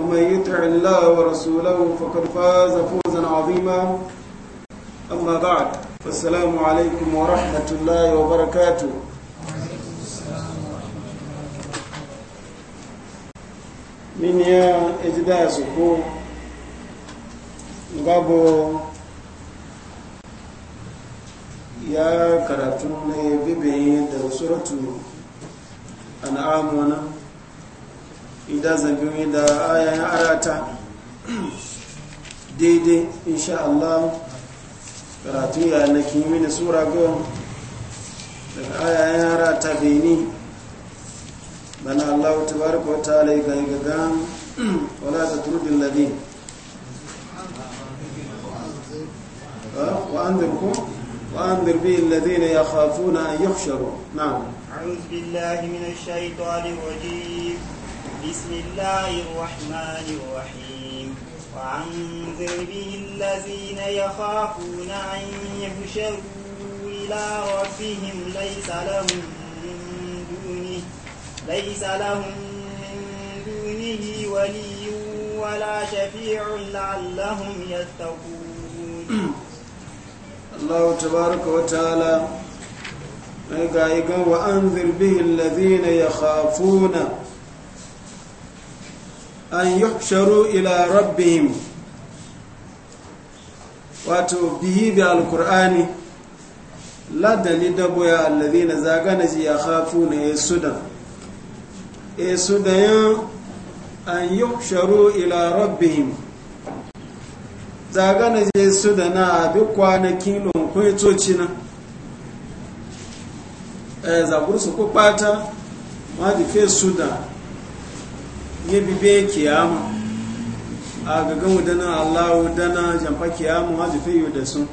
ومن يطع الله ورسوله فقد فاز فوزا عظيما أما بعد فالسلام عليكم ورحمة الله وبركاته من يا إجداسكم gabo ya karatu ne bibiyi da suratu an'am wannan idan zagimi da ayan arata daidai insha Allah karatu ya na kimini sura go daga ayayen arata beni bana Allah tabaraka wa ta'ala ga gaga wala tatrudil ladin وأنذركم وأنذر به الذين يخافون أن يحشروا نعم أعوذ بالله من الشيطان الرجيم بسم الله الرحمن الرحيم وأنذر به الذين يخافون أن يهشروا إلى ربهم ليس لهم من دونه ليس لهم من دونه ولي ولا شفيع لعلهم يتقون الله تبارك وتعالى ga وأنذر به الذين يخافون an yuhsharu ila rabbihim wato bihi bi alkur'ani ladani dabo ya allazina zagana ji ya khafuna ya suda e sudan an yuhsharu ila rabbihim zagana ji na abi kwanakin lon kwaitoci na e zabur su ko pata ma di fe sudan ya bi be kiyama a gagan wudana allah wudana jamfa kiyama ha jufe yi da sun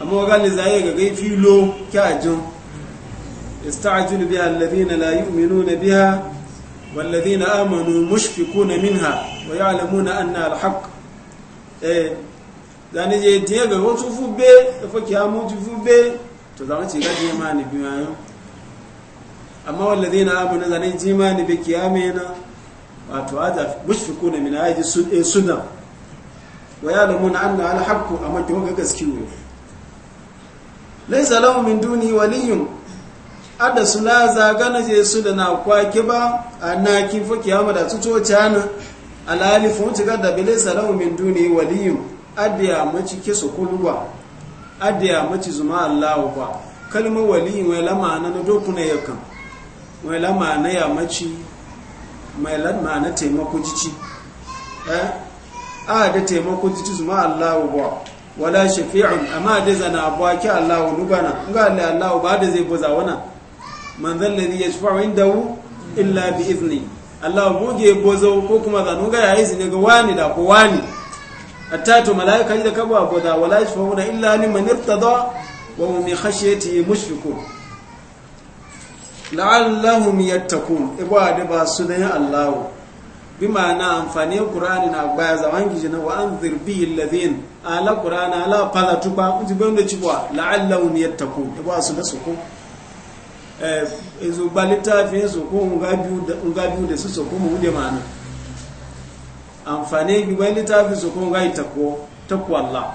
amma waga ne za ya gagai filo kya kyajin istajin biya allazi na layi umino na biya wallazi na amonu mushfiku na minha wa yi alamu na anna alhaq eh zane je diya ga wasu fube da fa kiyama jufu be to zama ce gaji ma ni biyu amma wallazi na amonu zane jima ni bi kiyama yana wato hada mushfiku eh, ne min aji suna wa ya lamun an na alhaku a maki wanga gaske gaskiya. laisa lahu min duni waliyun ada suna zagana je su da na kwaki ba a kin kifo kiyama da tuto cana alali fu ci gada bi laisa lahum min duni waliyun adiya maci kisu kulwa adiya maci zuma allahu ba kalmar waliyun wai lamana na dokuna yakan wai lamana ya maci mai lamma na taimako jici eh? a da taimako jici su allahu ba wala shafi'un amma da zana ba ki allahu nubana ga allahu ba da zai boza wana man zan ladhi yashfa'u indahu illa bi izni allahu muge bozo ko kuma zanu ga yayi zine ga wani da ko wani attatu malaika da kabo aboda wala yashfa'una illa liman irtada wa hum min khashyatihi mushrikun la'allahum yattaqun iba da ba sunan Allah bi ma'ana amfani Qur'ani na baya zaman gije na wa anzir bi alladhin ala Qur'ana ala falatu ba uji ban da cibwa la'allahum yattaqun iba eh, su da suku eh izu balita fi suku ngabiu da ngabiu da su suku mu ma ma'ana amfani bi balita fi suko ngai takwa takwa Allah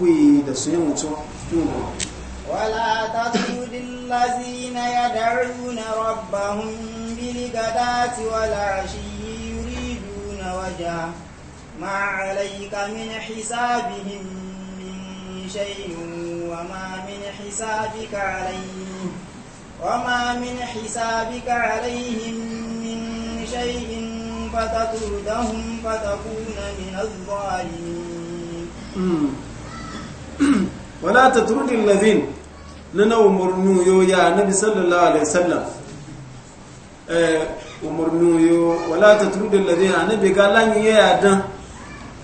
yi da sunan mutum tun ولا تطرد الذين يدعون ربهم بالغداة والعشي يريدون وجهه ما عليك من حسابهم من شيء وما من حسابك عليهم وما من حسابك عليهم من شيء فتطردهم فتكون من الظالمين ولا تطرد الذين nana umarnu yo ya nabi sallallahu alaihi wasallam eh umarnu yo wala tatrudu alladhina anabi galan ya dan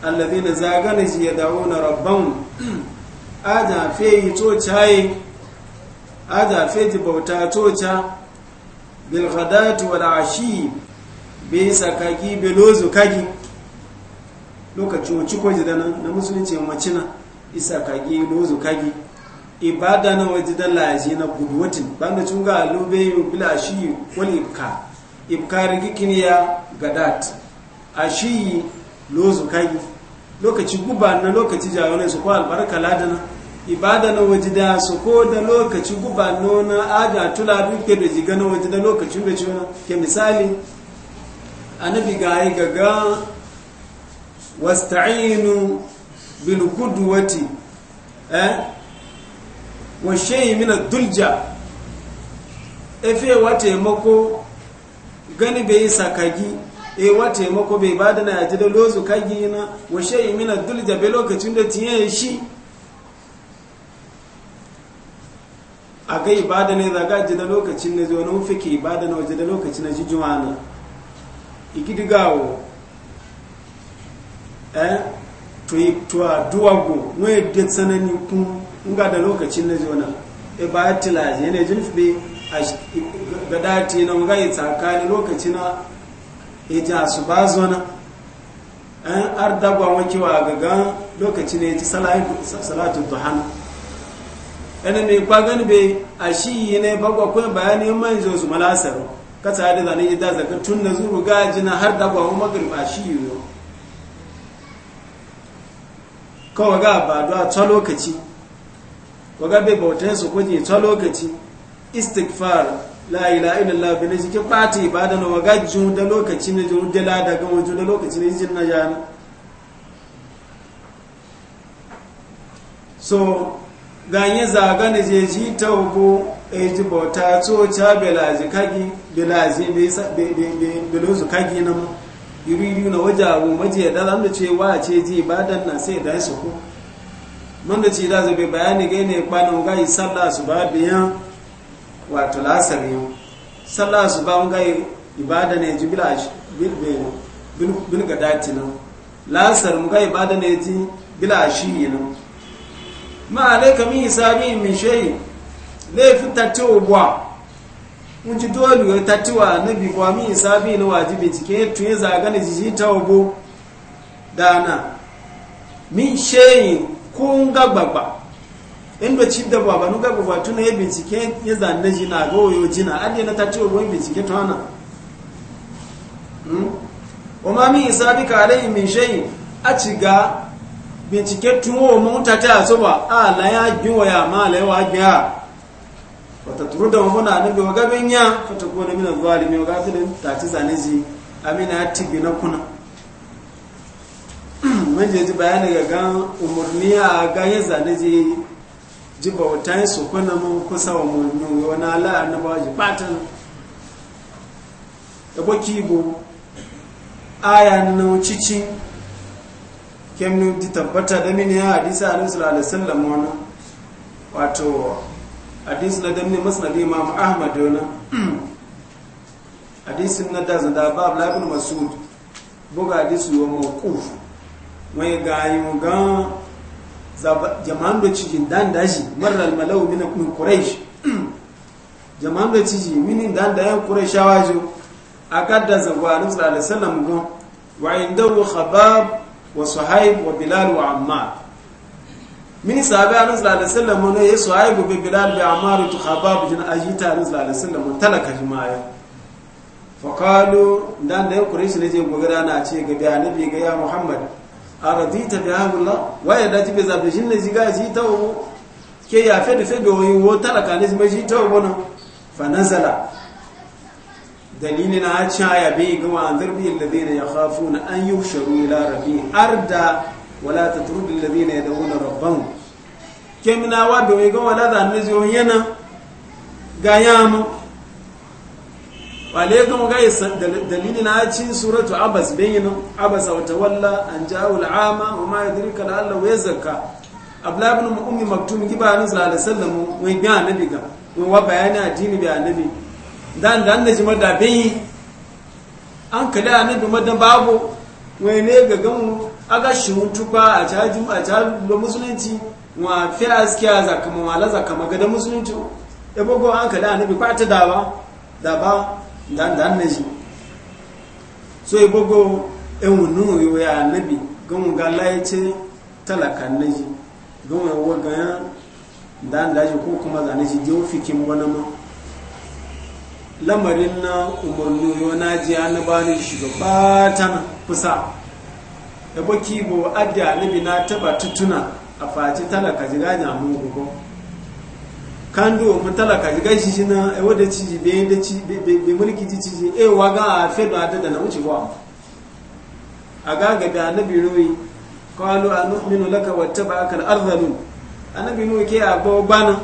alladhina zagana shi yad'una rabbahum aja fe to chai aja fe bauta to cha bil ghadati wal ashi bi sakaki belozu kagi lokaci wuci ko jidana na musulunci na isa kagi lozu kagi ibada na waje da laji na gudwatin banda cunga alube yi bila shi wani ibka ibka rigikin ya gadat a shi lozu kai lokaci guba na lokaci jawone su ko albarka ladana ibada na waje da su ko da lokaci guba na aga tula duke da jiga na waje da lokacin da ciwo ke misali annabi ga yi gaga wasta'inu bil qudwati eh wa shayi mina dulja efe wa taimako gani bai yi sakagi e wa taimako bai ba da na yaji da lozu kagi na wa shayi mina dulja bai lokacin da tiye shi a ga ibada ne za ga ji da lokacin na zuwa na mafi ke ibada na waje da lokacin na jijuwa ne? ikidigawo eh to yi to a duwago nwa yadda tsanani kun in ga da lokacin na jona e ba tilaje ne jin fi ga dati na ga tsakani lokacin na e ja su ba zona an ar dagwa wa ga ga lokacin ne ji salatu duhan ana mai kwagan be a shi ne bagwa ko bayani man zo su malasaru kasa da zane ida zaka tun da zuru ga jina har dagwa wa magrib a shi yo kawai ga ba a ta lokaci ga bai bautan su kuje ta lokaci istighfar la ilaha illallah bi naji ke pati ibada na waga ju da lokaci ne ju da da ga ju da lokaci ne jin najana so ganye zaga ne je ji taubo e ji bauta to cha belaji kagi belaji be be belozu kagi na mu iri iri na wajabu maji da zan da ce wa ce ji ibadan na sai da su ko Mun da za a zabe bayani gai ne kwanan gai sallah su ba biyan wato lasar yau sallah su ba gai ibada ne ji bila bin ga dati nan lasar mu gai ibada ne ji a shi nan ma alaika min yi. min shay laifi tatti ubwa mun ji dole ya tatti wa nabi kwa min hisabi na wajibi cike tuye zaga ne ji ta ubo dana min shayin kun gagbagba gbagba inda ci da baba nu tuna ya bincike ya zanne jina na ga wayo jina adiye na ta ruwan bincike ta hana umami hmm? isa min isabika min shayi a ci ga bincike tuwo mun ta ta so a laya giwa ya ma la wa giya wata turu da mafuna na wa gabin ya fata ko na min zalimi ga ta ta ci zanne ji amina ya tibi na kuna man je ji bayani ga gan umurniya ga yin zane je ji yin su kuna mun kusa wa murnin wani ala na ba ji batan da baki bo aya na cici kemnu di tabbata da mini ya hadisa a sallallahu alaihi wasallam wannan wato hadisu na damni masnad imam ahmad yana hadisu na dazada babu labin masu buga hadisu wa mawquf wai gayu gan jama'an da cikin dan shi marar malau min min quraish jama'an da ciji min dan da yan qurayshawa jo akadda zagwaru sallallahu da wasallam gan wa indahu khabab wa suhaib wa bilal wa ammar min sahabi an sallallahu alaihi wasallam ne ya suhaib bi bilal bi ammar tu khabab jin ajita an da alaihi wasallam talaka jima'a fa qalu dan da yan quraish ne je gogara na ce ga bi annabi ga ya muhammad aradita bi hagula waye da jibe zabe shin ne ziga ji ta wo ke ya fe da fe do yi wo talaka ne zima ji ta wo fa nazala Dalilina a cha ya be ga wa anzirbi alladhina yakhafuna an yushru ila rabbi arda wala tatrud alladhina yad'una rabbahum kemina wa be ga wa da ne zo yana ga yamu bale ga muga ya dalili na ci suratu abas bayin abas wa tawalla an ja'u al'ama wa ma yadrika la'alla yazakka abla ibn ummi maktum gibanu sallallahu alaihi wasallam wai ga annabi ga wa bayani addini bi annabi dan dan da jima da bayi an kale annabi madan babu wai ne ga gamu aga mutu ba a jaju a jaju musulunci wa fi askiya zakama wala zakama ga da musulunci ebogo an kale annabi ba ta dawa da ba dandan na shi so e yi gbogbo yiwu ya nabi gamu ga laice talaka na shi gamu yawo ganya dandan shi ko kuma zane shi jiwo fikin wani ma lamarin na umarni yiwu na ji ya ne bani shi gaba ta kusa ebo kibo adi anabi na taba tutuna a faci talaka jiragen mugu kando talaka ga shi shi na ewa da ciji bayan da ci bai mulki ci ciji ewa ga a fedo da da na wuce wa a ga da annabi nuyi qalu anu'minu laka wattaba'aka al-ardhalu annabi nuyi ke a bawa bana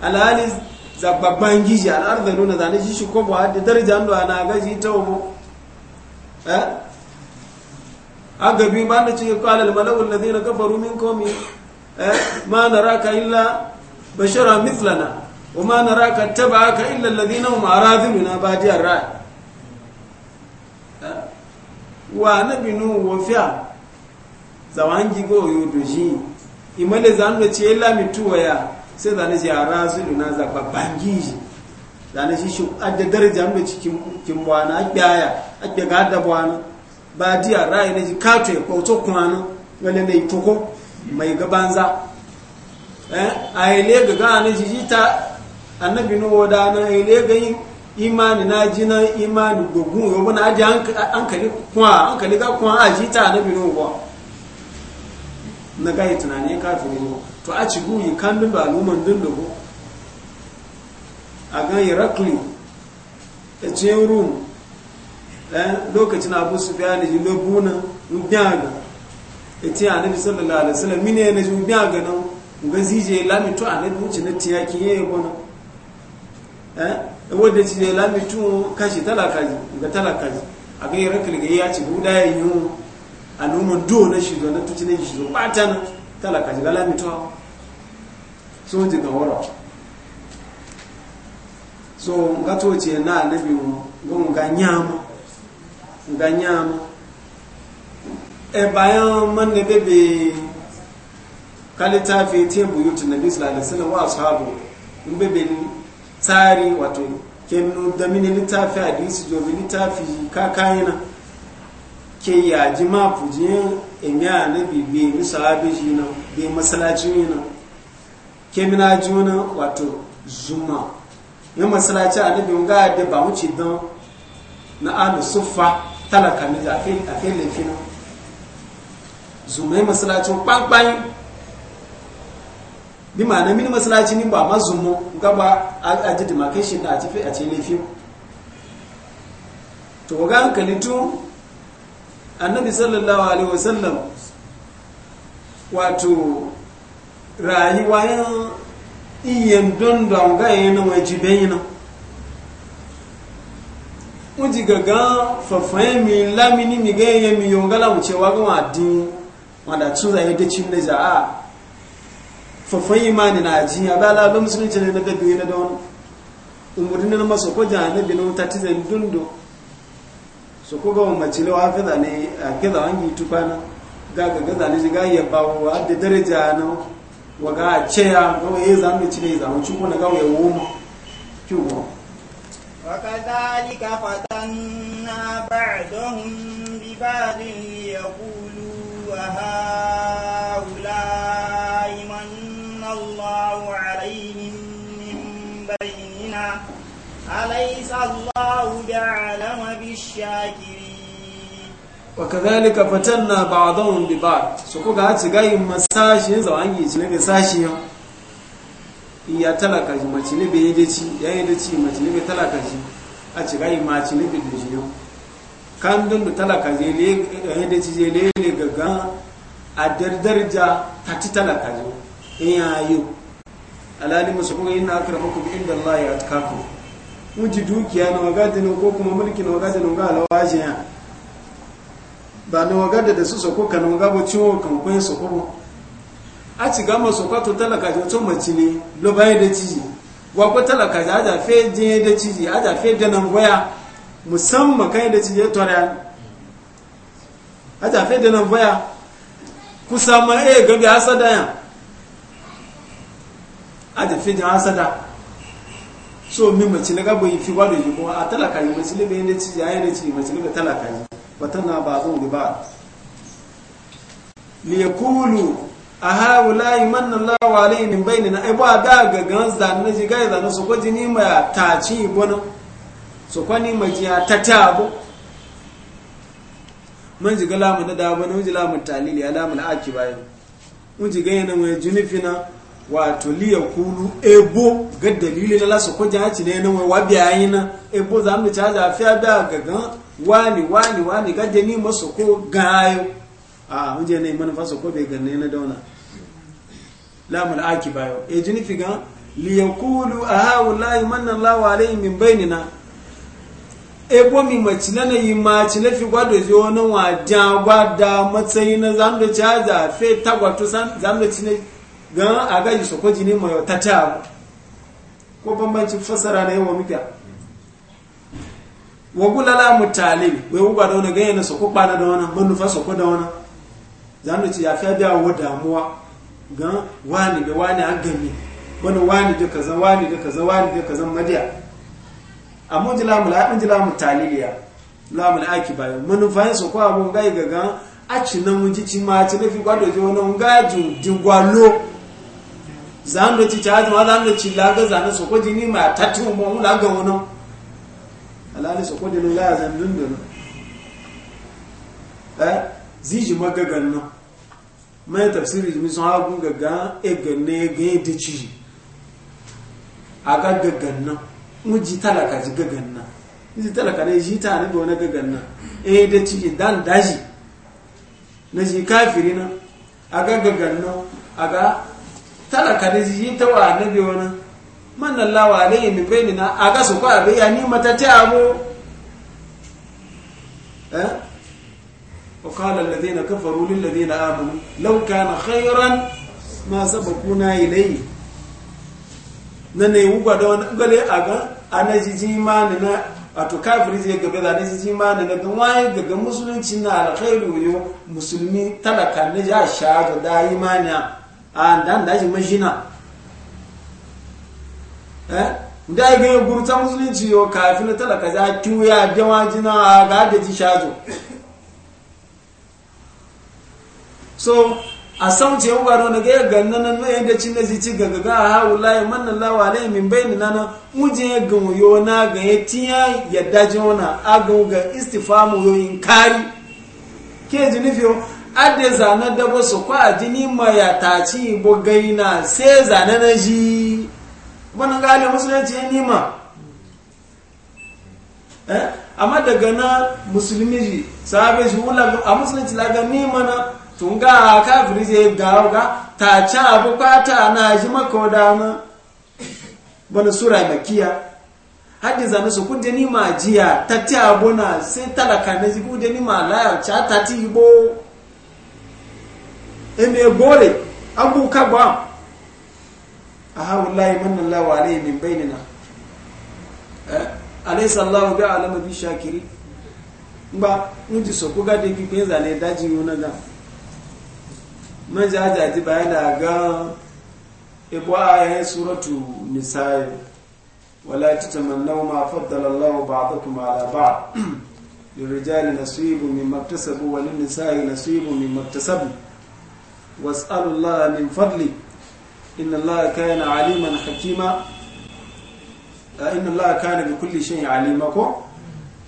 alhali zababban gizi al-ardhalu na zane shi ko ba da daraja ndo ana gaji ta wo eh agabi ba na ce qala al-mala'u alladhina kafaru min qawmi eh ma naraka illa bashara mithlana wa ma ka naraka tabaka illa alladhina hum aradhiluna ba ar-ra'i wa na binu wa fi'a zawangi go yudo shi imale zando ce la mituwa ya sai zane shi zuluna za babangi shi zane shi shi adda daraja mu cikin a bwana akiyaya ake gada bwana badi ar-ra'i ne ji kato ya kwauto kuma na wani mai toko mai gabanza Eh? a ile ga gane jijita annabi no da na ile ga yin imani na jina imani gogun yo bana aje hankali kwa hankali ga kwa a jita annabi no na ga tunani ka fi to a ci guyi kan dun da aluman a ga irakli a ce rum eh, lokacin abu su bayani ji lobuna mu ga ita e annabi sallallahu alaihi wasallam mine ne ji mu ga nan nga zije lami to ane bu ci na tiya ki ye bona eh ewo de lami to kashi talaka ji nga talaka ji aga yara kile ga ya ci buda ya yi do na shi do na tuci na shi do batan talaka ji ga lami so ji ga wora so nga to na nabi mu gon ga nyama ga nyama e bayan man ne bebe kalita fi te buyutu nabi sallallahu alaihi wasallam wa ashabu in bebe ni tsari wato kemno da mini litafi hadisi jo mini littafi kakayina ke yaji ma fuje emi anabi be mi sahabi jina be masalaci na kemina juna wato zuma ya masalaci anabi ga da ba wuce don na alu sufa talaka ne a fi lafina zuma ya masalacin kwankwanin bi ma'ana mini masalaci ni ba mazumo gaba a ji dimakai shi da a tafi a ce laifi to ga hankalitu annabi sallallahu alaihi wasallam wato rayuwa yan iyan don don na? yana wajibe yana uji gaga fafayen mi lamini mi ga yi mi yongala wucewa ga wadin wanda yi yi dacin da ja'a fafan imani na ji bala ba musulunci ne na biyu na da wani umarni na masu ko jihar na wuta tizan dundu su ko ga mace lawa gaza ne a gaza wani na gaga gaza ne shiga ya ba wa da daraja na waga a ceya gawa ya zama ci ne zama cikuna gawa ya wuma. kiwo وكذلك فتن ليعلم بالشاكرين وكذلك فتنا بعضهم ببعض سوكو غاتي غاي مساشي زوانجي جنبي ساشي iya talaka ji mace ne bai yadda ci ya yadda ci mace ne bai talaka ji a ci gai mace ne bai ji yau kan don da talaka je le yadda ci je le le gaga a dardarja ta ci talaka ji in ya yi alali musu kuma muku bi inda Allah ya wuce dukiya na nan ko kuma mulki na nan ga alawajin ya ba na wagada da su soko ka na wagabo ciwo kan kwayin soko ba a ci gama soko to talaka da wato mace ne lo bayan da ciji gwakwa talaka da aja fe je da ciji aja fe da nan goya musamman kai da ciji ya an aja fe da nan goya kusa ma e gabi asada ya aja fe da asada. so mi mace na gaba yi fi ba da yi kuma a talaka yi mace libe yadda ci yayin da ci mace libe talaka yi wata na ba zo ba Kulu a hawa layi mannan lawa layi min bayani na aibuwa ga gaggan zane na jigai zane su kwaji ni ma ta ci ibonu su kwani ma ya ta ta abu man ji ga lamu na da abu na wuji talili ya lamun aki bayan wuji gaya na mai junifina wato liya kulu ebo ga dalili na lasa ko jahaci ne na wa biya yi na ebo za mu caja fiya biya ga gan wani wani wani ga jani masu ko gayo a hunje ne mana fasa ko bai ganne na dauna lamul aki bayo e jini fi gan liya kulu a hawu layi mannan lawa alayhi min bainina ebo mi macina na yi macina fi gwado ji wani wajen gwada matsayi na zamu da caja fe tagwato san zamu da cinai gan a gaji su kwaji ne mai ta ta ko bambanci fassara na yawa muka wagulala mutalib wai uba da wani ganyen su kuɓa na da wani manufa su da wani Za mu ci ya fi biya wa damuwa gan wani da wani an gami wani wani da kaza wani da kaza wani da kaza madiya amma ji lamu la ji lamu taliliya lamu la aki bayo manufa yin su ko abun gai ga gan a ci na mun ji ci ma ci lafi gwado ji wani gajin ju dingwalo zanu ci caji ma zanu ci la laga zanu so koji ni ma tatu mo mu laga wono alali so koji lo ya zan dun dun eh ziji magagan no mai tafsiri mi so hagu gaga e ganne ga de ci aga gagan no mu ji talaka ji gagan na ji talaka ne ji ta ne do na gagan na e de ci dan daji na ji kafiri na ga gagan no aga talaka ne shi ta wa annabi wani man Allah wa alayhi mi bayni na aga su ko abe ya ni mata ta abu eh wa qala alladhina kafaru lil ladina amanu law kana khayran ma sabaquna na nane wuga da wani gale a ga a na a to kafiri zai gabe da anaji jimani na ga wani daga musulunci na alkhairu yo musulmi talaka ne ya shaga da yi imani andan ah, da shi mashina eh da ga yin gurta musulunci yo kafin talaka za kiwuya da wajina ga da ji shazo so a san ce yau gano na gaya ganna nan na yadda cin na zici gaga ga ha wallahi manna lawa ne min bayni nan. muje ya yo na ga ya tiya yadda jona a istifamu yo in kari ke ji ade zane da ba su kwa jini maya ta ci bo gaina sai zane na ji wani gane musulunci ya nima eh? amma daga na musulmi ji sahabe shi wula a musulunci laga nima na tun ga kafiri je ga ga ta ci abu kwata na ji maka dana wani sura makiya hadi zane su kudde nima jiya ta ci abu na sai talaka na ji kudde nima laya ta ti bo eme gore abu ka ba a hawa layi manna lawa ne min bayani na eh, a nai sallawa ga alama bi shakiri ba in ji soko ga da kike zane daji yana da manja ajaji ba yana ga ebo a yi suratu nisaye wala ci ta manna ma faddala lawa ba ta kuma ala ba na yi lirijali nasibu min martasabu wani nisaye nasibu min martasabu واسال الله من فضله ان الله كان عليما حكيما ان الله كان بكل شيء عليما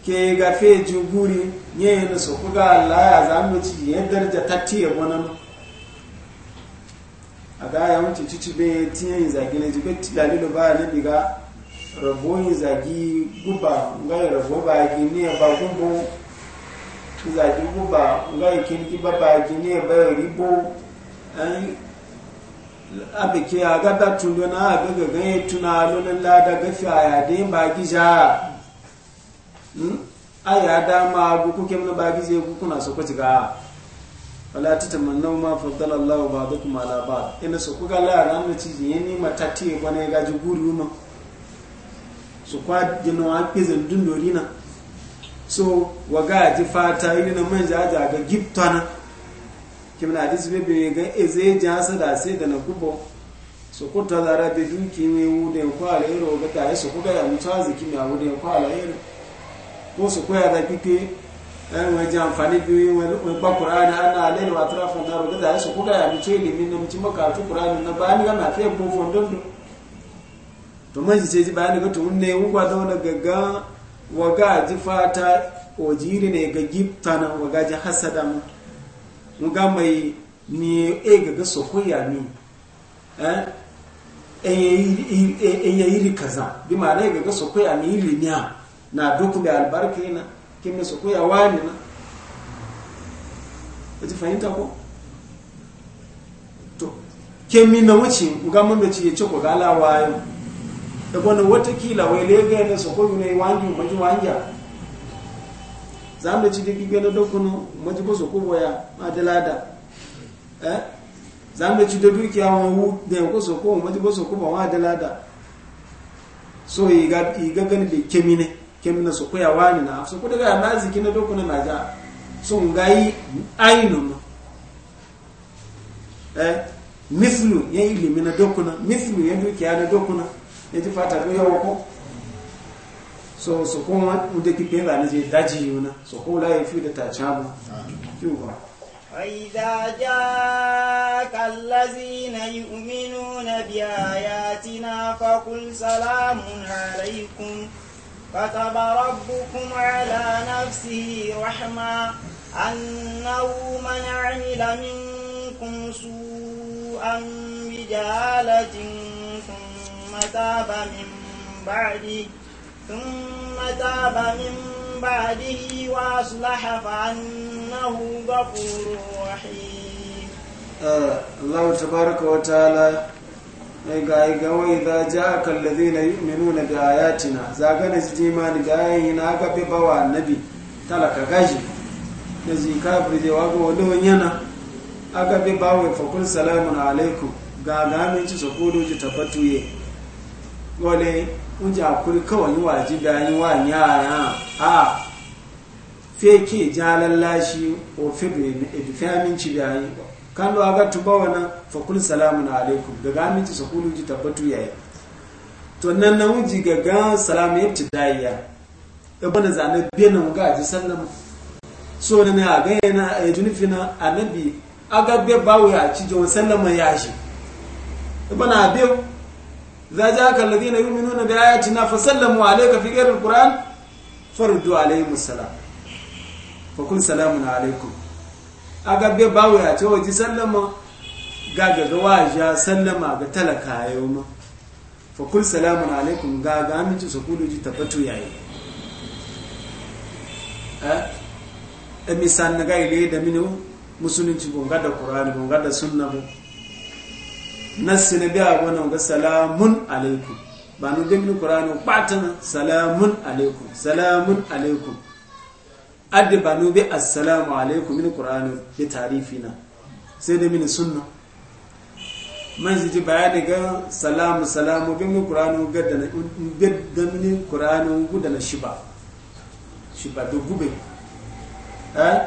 ke gafe juguri yin su kuga Allah ya zamu ci ya darja tatti wannan a ga ya wuce cici be tiyan zagi ne jibe dalilu ba ne diga rabo zagi guba ga rabo ba gini ba gubo zagi guba ga kin ki ba ba gini ba ribo an abike a gada tundo na gaga ganye tuna lunan lada gafi a yade ba gija a ya dama hmm? guku kem na ba gije guku na so kwaci ga wala ta tamanna ma fadala Allah ba da kuma ala ba ina so ga la ran na ci yin nima ta tiye ba gaji guri ji guru ma so kwa jino a pizin dundori na so waga ji fata yi na manja ga giftana kimna hadisi be be ga eze jasa da sai da na kubo so ko ta zara be duki me wude da ko ala ero ga ta e so ko ga mu ta ziki me wude da ko ala ero ko so ko ya da kike an e wa ja amfani bi wani ba qur'ani ana alal wa atrafan naro ga ta e so ko ga mu ce limin na mu ci maka tu qur'ani na ba ni ga na fe ko fondon to man ce ji bayani ga to ne wu ba da wani gaga wa ga ji fata ojiri ne ga giftana wa ga ji hasada nga mai ni e gaga sokoya ni eh e ya iri e, e, kaza bi ma'ana ya gaga sokoya ni iri na duk da albarka yana kimna sokoya wani na ji fahimta ko to kemi na wuce ga mun da ci ya ciko galawa da wani watakila wai lega ne sokoyu ne wani maji wanja za mu ci gado da dokunu maji ko soko boya ma da lada eh za mu ci da dukiya wọn wu da ko soko maji ko soko ba ma da lada so yi ga yi ga gani da kemine kemine soko ya wani na soko daga na ziki na dokunu na ja so ngai ainun eh mislu ya ilimi na dokuna mislu ya dukiya na dokuna ya ji fata ko yawo ko so so kuma wanda ki kai bani je daji yuna so su la yi fi da ta cha ba kiwo ba aiza ja kallazina yu'minuna bi ayatina fa kul salamun ba kataba rabbukum ala nafsihi rahma annahu man amila minkum su'an bijalatin thumma taba min ba'dihi ثم تاب من بعده وأصلح فأنه غفور رحيم الله تبارك وتعالى ga gawai da ja kallazi na yuminu na da ayatina zagana su jima ni gayayi na gafe bawa nabi talaka gashi da ji kafir je wa ga wani yana aka bi bawa fakul salamun alaikum ga gamin ci su kudu ji tabbatuye wale wunji akuri kawai yi waji bayan wa yara a feke jalan lashi o febe na edufe aminci bayan kan lo aga tuba wana fakul salamun alaikum daga aminci su kulu ji tabbatu yayi to nan na wunji gaga salamu ya ci dayya ibn zane benin ga ji sallama so na na ga na a junifina annabi aga be bawu ya ci jawon sallama ya shi ibn abin za ja ka ladina yu'minuna bi ayatina fa sallamu alayka fi ghairi alquran faruddu alayhim assalam fa kun salamun alaykum aga be bawo ya ce waji sallama ga ga wa ja sallama ga talaka yau ma fa kun salamun alaykum ga ga aminci su kudu ji tabbatu yayi eh emisan ga ile da minu musulunci gonga da qur'ani gonga da sunna gonga nassi na biya wannan ga salamun alaikum ba nu duk ni qur'ani patana salamun alaikum salamun alaikum adi ba nu bi assalamu alaikum min qur'ani bi tarifina sai da min sunna man ji ji bayani daga salamu salamu bi min qur'ani gadda na gadda min gudana shiba shiba do gube eh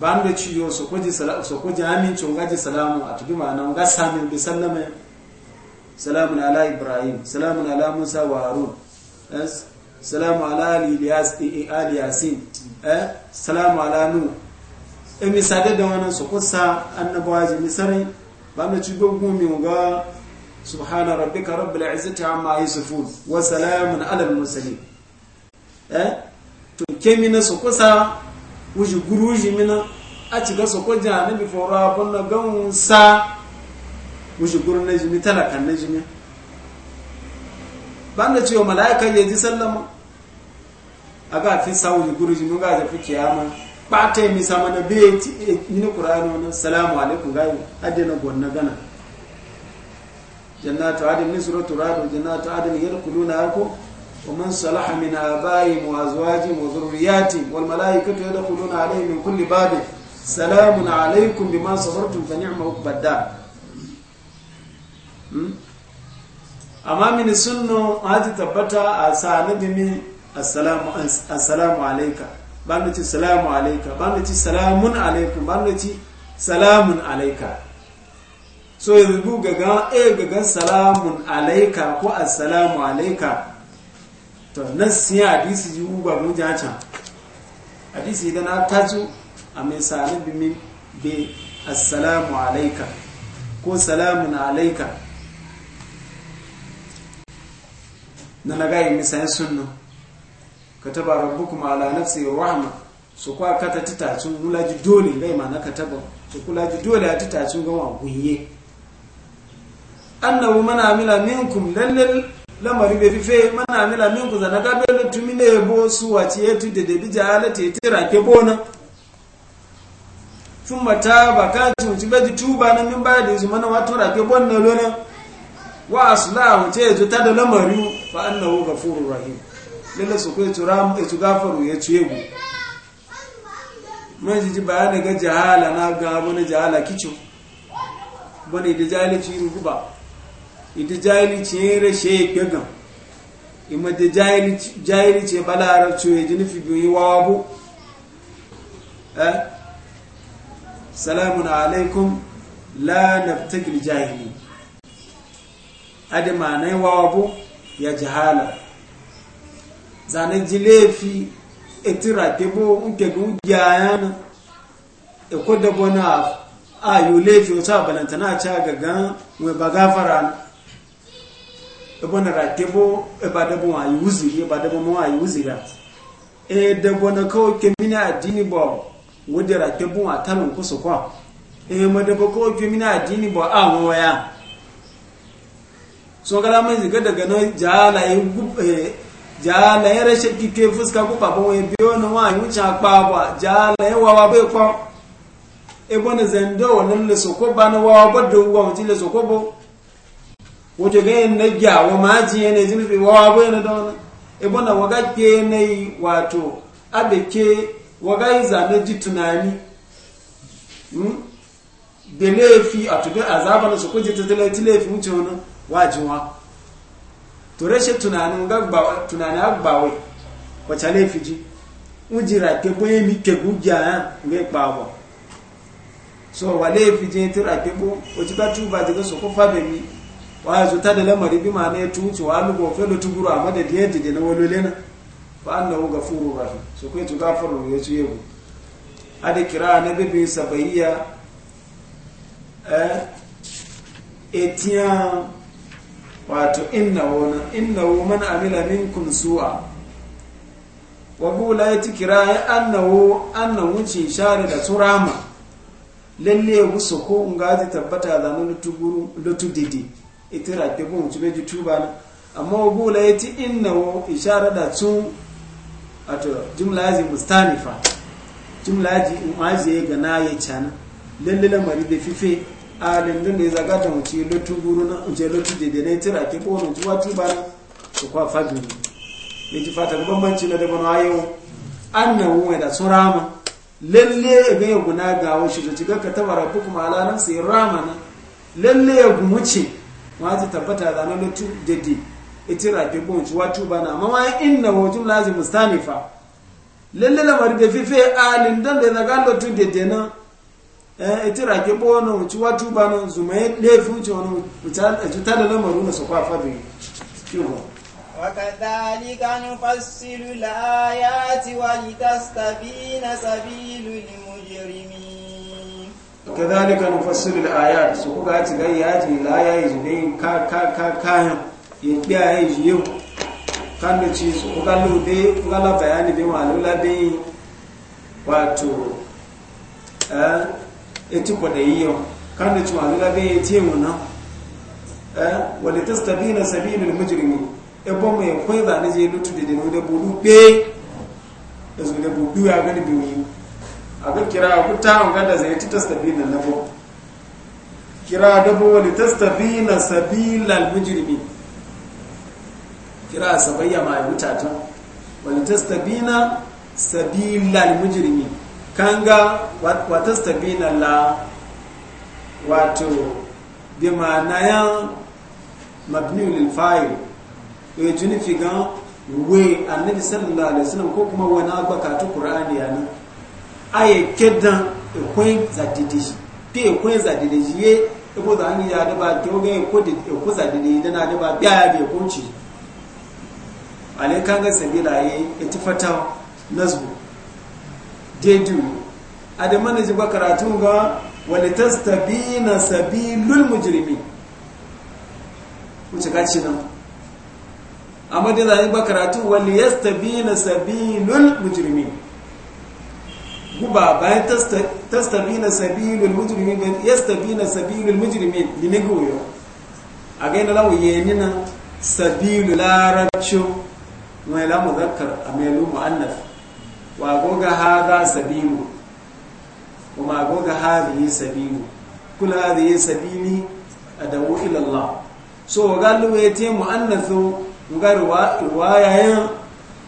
Bambe ciyo su kuji su kuji amincin gaji salamu a tuki ma'ana ga samin bi sallama salamun ala ibrahim salamun ala musa wa harun eh? salamu ala ali eh, eh, yasin salamu ala nu e mi sade da wannan su kusa annabawa ji misarai ban da ciyo gumi ga subhana rabbika rabbil izzati amma yasifun wa salamun ala al mursalin eh to su kusa wuji guruji mina a ciga gasa ko jani bi foro na gan sa wuji guru na jimi talakan na jimi ban da cewa mala'ika ya ji sallama a ga fi sa wuji guruji mun ga zafi kiyama ba ta yi misa mana bai ti mini e, kur'ani wani salamu alaikum na adina na gana jannatu adin ni suratu radu jannatu adin yadkhuluna ko ومن صلح من آبائهم وأزواجهم وذرياتهم والملائكة يدخلون عليهم من كل باب سلام عليكم بما صبرتم فنعم عقبى الدار amma mini sunno haji tabbata a sanadi ni assalamu alaika ba na ci salamu alaika ba na ci salamun alaikum ba na ci salamun alaika so yanzu gagan e gagan eh, salamun alaika ko assalamu alaika to nan siya hadisi ji uba mun ja can hadisi da na tazo a mai sani bimin be assalamu alaika ko salamun alaika na na yi misayin sunna ka taba kuma ala nafsi rahama su kwa kata titacin gulaji dole gai ma na taba su ji dole a titacin gawa gunye annahu man amila minkum lallal lamari bai fife mana mila min ku zana gabe lutu mine yabo su wace ya tu da dabi jahala te tira ke bona sun mata ba ka cuci bai tuba na min baya da yanzu mana wato bona bonna lona wa asula wace ya ta da lamari fa annahu ghafurur rahim lele su kai e tura mu e su gafaru ya yegu e mu mun ji bayani ga jahala na ga na jahala kicho bane da jahala ci ruba ita jahilci yin rashe ya gagan ima da jahilci ya balara cuye ji nufi biyu yi wawa bu eh salamun alaikum la naftakil jahili adama na yi wawa bu ya jihala zane ji laifi etira tebo nke gun gyayana ekwadabo na a yi laifi wata balantana a ci a gagan wai ba gafara ebona ra debo ebadebo wa yuzuri ebadebo mo wa yuzira e debo na ko kemina adini bo wodera debo wa talon ko so kwa e mo debo ko kemina adini bo awon ya so kala mai ziga daga no jala yi gub e, e jala yi e rashin kike fuska ku baba e wa biyo na wa yi cha pa ba jala yi wa wa be ko e bona zendo wa lalle so ko ba na wa ba do wa mutile le ko bo wojo ga na gya wa maji ne zimi bi wa wa ne don e bona waga ke ne wato abeke waga iza ne ji tunani hmm de lefi a tudu azaba na su kuje ta tilati lefi mu cewa wajiwa to reshe tunanin gagba tunanin agbawe wacha lefi ji ujira ke boye mi ke gugya ga pawo so wale fi je tira ke bo o ba tuba de so ko mi waya ta da lamari bi ma ne tuci wa lugo fe lo tuguru amma da diye dige na an na fa annahu ghafurur rahim so kai tuga faru ya ci yau ada kira na bibi sabaiya eh etiyan wato inna wana inna man amila minkum su'a wa bula ya tikira ya annahu annahu ci share da surama lalle wusu ko ngaji tabbata zanen lutu didi itira ke bu mutu beji tuba na amma wa bula ya ti inna wa ishara da tun ato jimla ya ji mustanifa jimla ya ji umaji ya gana ya cana lalle lamari da fife a lindin da ya zaga ta mutu lotu guru na je lotu dede na itira ke bu mutu wa tuba na su kwa fadu ne ji fata bambanci na da daban ayo annahu wa da surama lalle ya ga ya guna ga wasu da ga ka tabara bukum ala rama na. lalle ya gumuce ma ji tabbata da nan tu dedi itira bi bon ci watu bana amma wa inna wa jumla ji mustanifa lalle la mari be fife alin dan da galo tu dedi na eh itira ke bono ci watu bana zumaye lefu ci wono ta da lamaru na su kwa fabi kiwo وكذلك نفصل الآيات ولتستبين سبيل المجرمين kadhalika nufassilu al-ayat su kuga ci ga yaji la yaji ne ka ka ka ka ya biya yaji yau kan da ci su kuga lu de kuga la bayani bi ma lu la bi wato eh eti ko da yiyo kan da ci ma lu la bi ya ce na eh wala tastabina sabilul mujrimin e bon me ko da ne je lutu de de no de bulu be da su de bulu ya ga ni bi aga kira ku ta hanga da zai ci tastabina na bo kira da bo wani tastabina sabilal mujrimi kira sabayya ma wuta ta wani tastabina sabilal mujrimi kanga wa tastabina la wato bi na yan mabni lil fa'il e fi figan we annabi sallallahu alaihi wasallam ko kuma wani agbaka ta qur'ani yana aye kedan ekwen za dedeji te ekwen za dedeji ye ebo za anyi ya ba te oge ekwo de ekwo za dedeji dana daba biya ya bi ekwo nchi ale kanga sabila ye etifata nazbu dedu adamana e ji bakaratu ga walitastabina sabilul mujrimin ci gaci nan amma dai za a yi bakaratu walitastabina sabilul mujrimin ba bayan tastabina sabilul mujrimin ga yastabina sabilul mujrimin limigoyo a ga lawo yenina sabilu larabcu mai a mai lumu muannas wa goga za sabilu kuma goga yi sabilu da yi sabili a dawo ilallah so galu yete muannasu ngari wa yayin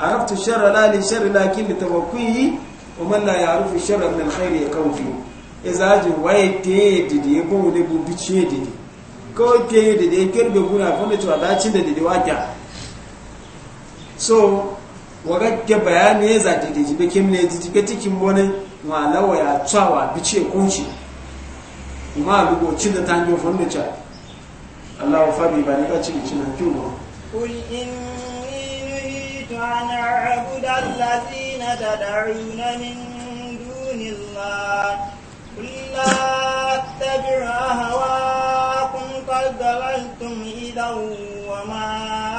عرفت الشر لا للشر لكن لتوقيه ومن لا يعرف الشر من الخير يقوم فيه إذا أجي ويتيدد يبو لبو بتشيدد كو تيدد يكر بيقول أفنى تواداتي دي واجع so wagagge bayani ya zaɗi da jibe kim ne jibe cikin wani malawa ya tsawa bice kunci? kuma lugoci da ta hanyar fanda ca fabi ba ni ka cikin cinan kyau ba نعبد الذين تدعون من دون الله قل لا اتبع أهواكم قد ضللتم اذا وما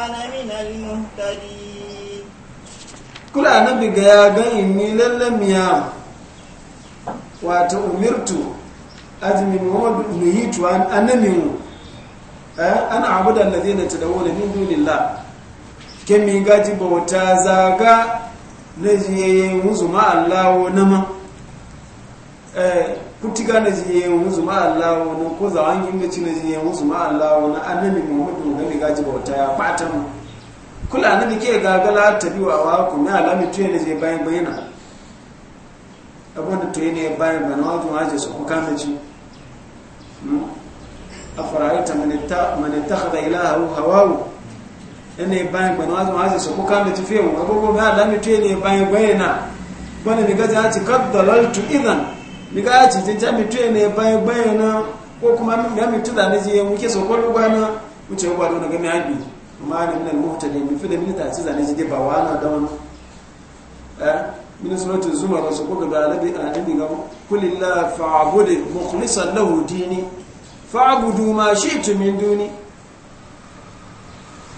انا من المهتدين كل انا بغيا قيمي للميا وأتأمرت أزمن ونهيت أن أنمي أنا أعبد الذين تدعون من دون الله kemi gaji bauta zaga na jiye muzu ma allawo na ma eh, kutiga na jiye muzu ma allawo na ko za an ginga ci na jiye muzu ma allawo na annabi muhammadu gani gaji bauta ya fata mu kula na dike gagala tabiwa wa ku na alami tuye na je bayan bayana abun da tuye ne bayan bayana wato ma je su kuka na ci a hmm? afara'aita man ittakhadha ilahahu hawahu ene bayan gbana wasu masu su kuka mai tafiya mu agogo ga mi tuye ne bayan bayana wani miga ta ci kad dalaltu idan miga ya ci jinja mi tuye ne bayan bayana ko kuma ya mi tuda ne je muke so ko lugana mu ce gwado na gami habi amma ne min muhtadi mi fi da min ta ci zane je ba wana da wani eh min suratul zumar su kuka da alabi alabi ga kulillah fa'budu mukhlishan lahu dini fa'budu ma shi'tu min duni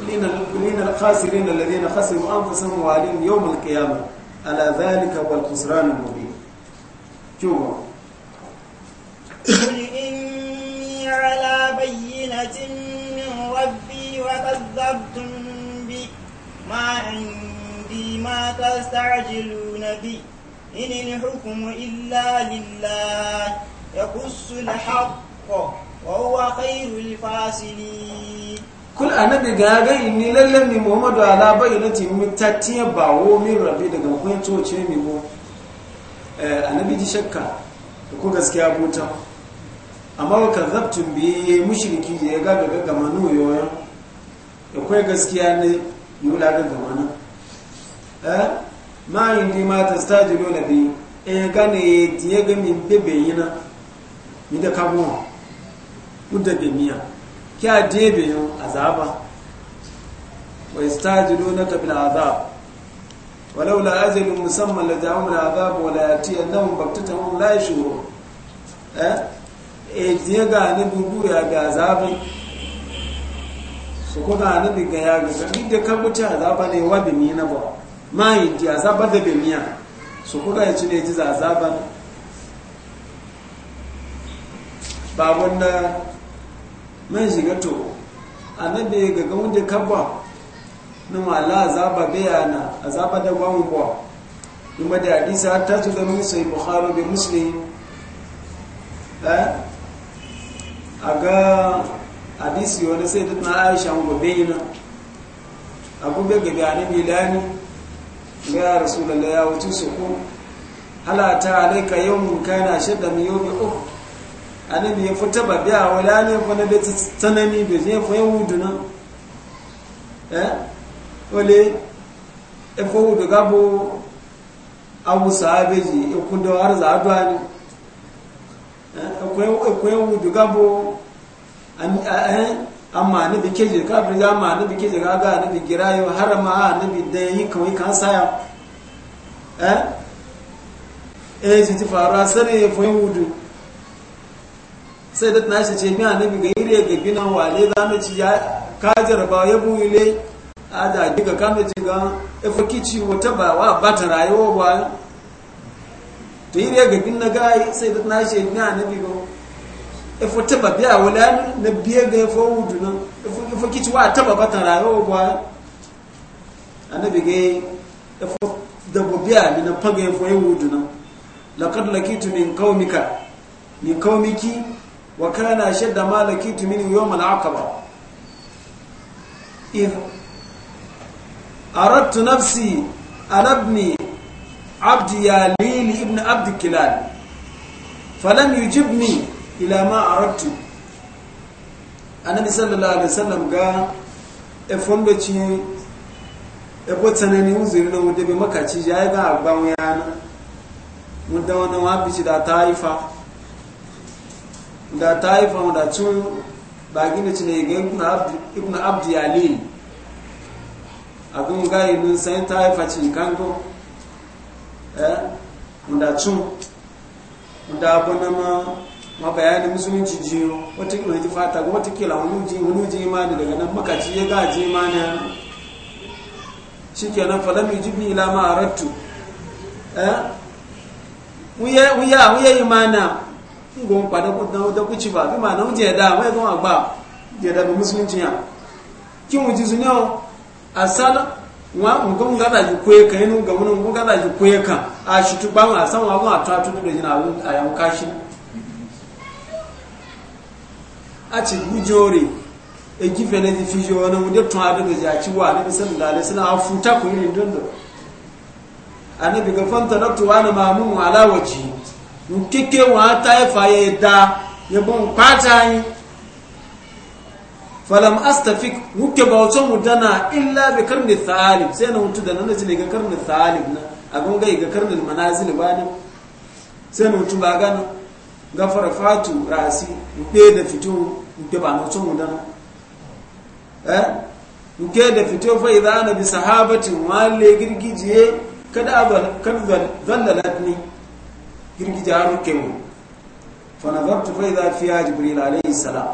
لين الخاسرين الذين خسروا أنفسهم وعليهم يوم القيامة على ذلك هو الخسران المبين شوفوا إني على بينة من ربي وكذبتم بي ما عندي ما تستعجلون بي إن الحكم إلا لله يقص الحق وهو خير الفاسلين kul annabi ga ga inni lallan ni muhammadu ala bayyinati mittatiya ba wo min rabbi daga hukunci mi mu eh, annabi ji shakka ko gaskiya buta amma wa kazzabtum bi mushriki je ga ga ga manu yoyo akwai gaskiya ne yula ga ga manu eh ma indi ma tastajilu nabi e ga ne tiye ga min bebe yina mi da kabo mu da miya kya debe yin azaba wa yastajilunaka bil azab walaula ajalun musamman la ja'um al azab wa la yatiyannahum baghtatan la yashurun eh e je ga ne buburu ya ga azabin su ko ga ne ga ya ga duk da kan mutu azaba ne wa bi ni na ba mai a azaba da bi miya su ko ga ya ci ne ji azaba babun da mai shiga to da ya gaga wanda kabba na mala azaba bayana zaba da gwamu ba kuma da hadisi har ta su da musayi buhari da musulmi muslim eh? a ga hadisi wani sai duk na aisha mu bayyana abu ga a annabi lani ya rasu ya wuce su ko halata yau mun kana shadda min yawmi uku. anabi ya fita ba biya wala ne fa na da tsanani bai je fa wudu na eh wale e wudu gabo abu sahabeji e da har za duwa e? e? ni eh ko yahudu gabo an eh amma ne bi keje ka bi ma ne bi keje ka ga ne bi girayo harama ne bi da yi kawai kan saya eh eh ji ti fara sare fa wudu. sai da tana shi ce mi annabi ga ire ga gina wale za mu ci ya kajar ba ya buile a da diga kame ci ga efakici wata ba wa ba ta rayuwa ba to ire ga gina gai sai da tana shi mi annabi ga efo taba biya wala na biye ga efo wudu na e efo kici wa taba ba ta rayuwa ba annabi ga efo bu biya mina paga efo wudu na laqad lakitu min qaumika min qaumiki وكان kana shadda لكيت tumini يوم العقبة aqaba أردت نفسي أن أبني عبد ياليل ابن عبد abd فلم يجبني إلى ما أردت النبي صلى الله عليه وسلم قال افهم بشي ebo tsanani uzuri na wudebe makaci ya ga agbanwe yana mudawana wa bici da taifa da taifan da tun gina cina ya ga ibn abdi ali abin gari nun sayin taifa cin kango eh da tun da na ma ma bayanin musulunci jiyo wata kila ji fata ga wata kila wani ji wani ji imani daga nan makaci ya ga ji imani shikenan falam jibi ila ma arattu eh wuya wuya wuya imana ngon kwada ku dan da kuci ba bi ma nan je da mai gon agba je da musulunci ya kin wuji sunyo asal wa ngon ga da ku ye kai nun ga mun ngon ga da ku ye kan a shi tu ba ma san wa gon atra tu da jina wun a yan kashi a ci gujore e gife ne di fijo wani wunde tun a daga wa ne a futa irin dondo ga fanta na tuwa na mamun ala nkeke wọn ata efa ya da yabo nkpata anyi falam astafik muke bautan mu dana illa bi karni thalib sai na mutu da nan ne ga karni thalib na a gonga ga karni manazil ba ne sai na mutu ba gano fara fatu rasi mpe da fito mpe ba mutu mu dana eh mpe da fito fa idana bi sahabatin wale girgije kada abal kan zallalatni girgije har kemu fa nazartu fa idha fiha jibril alayhi salam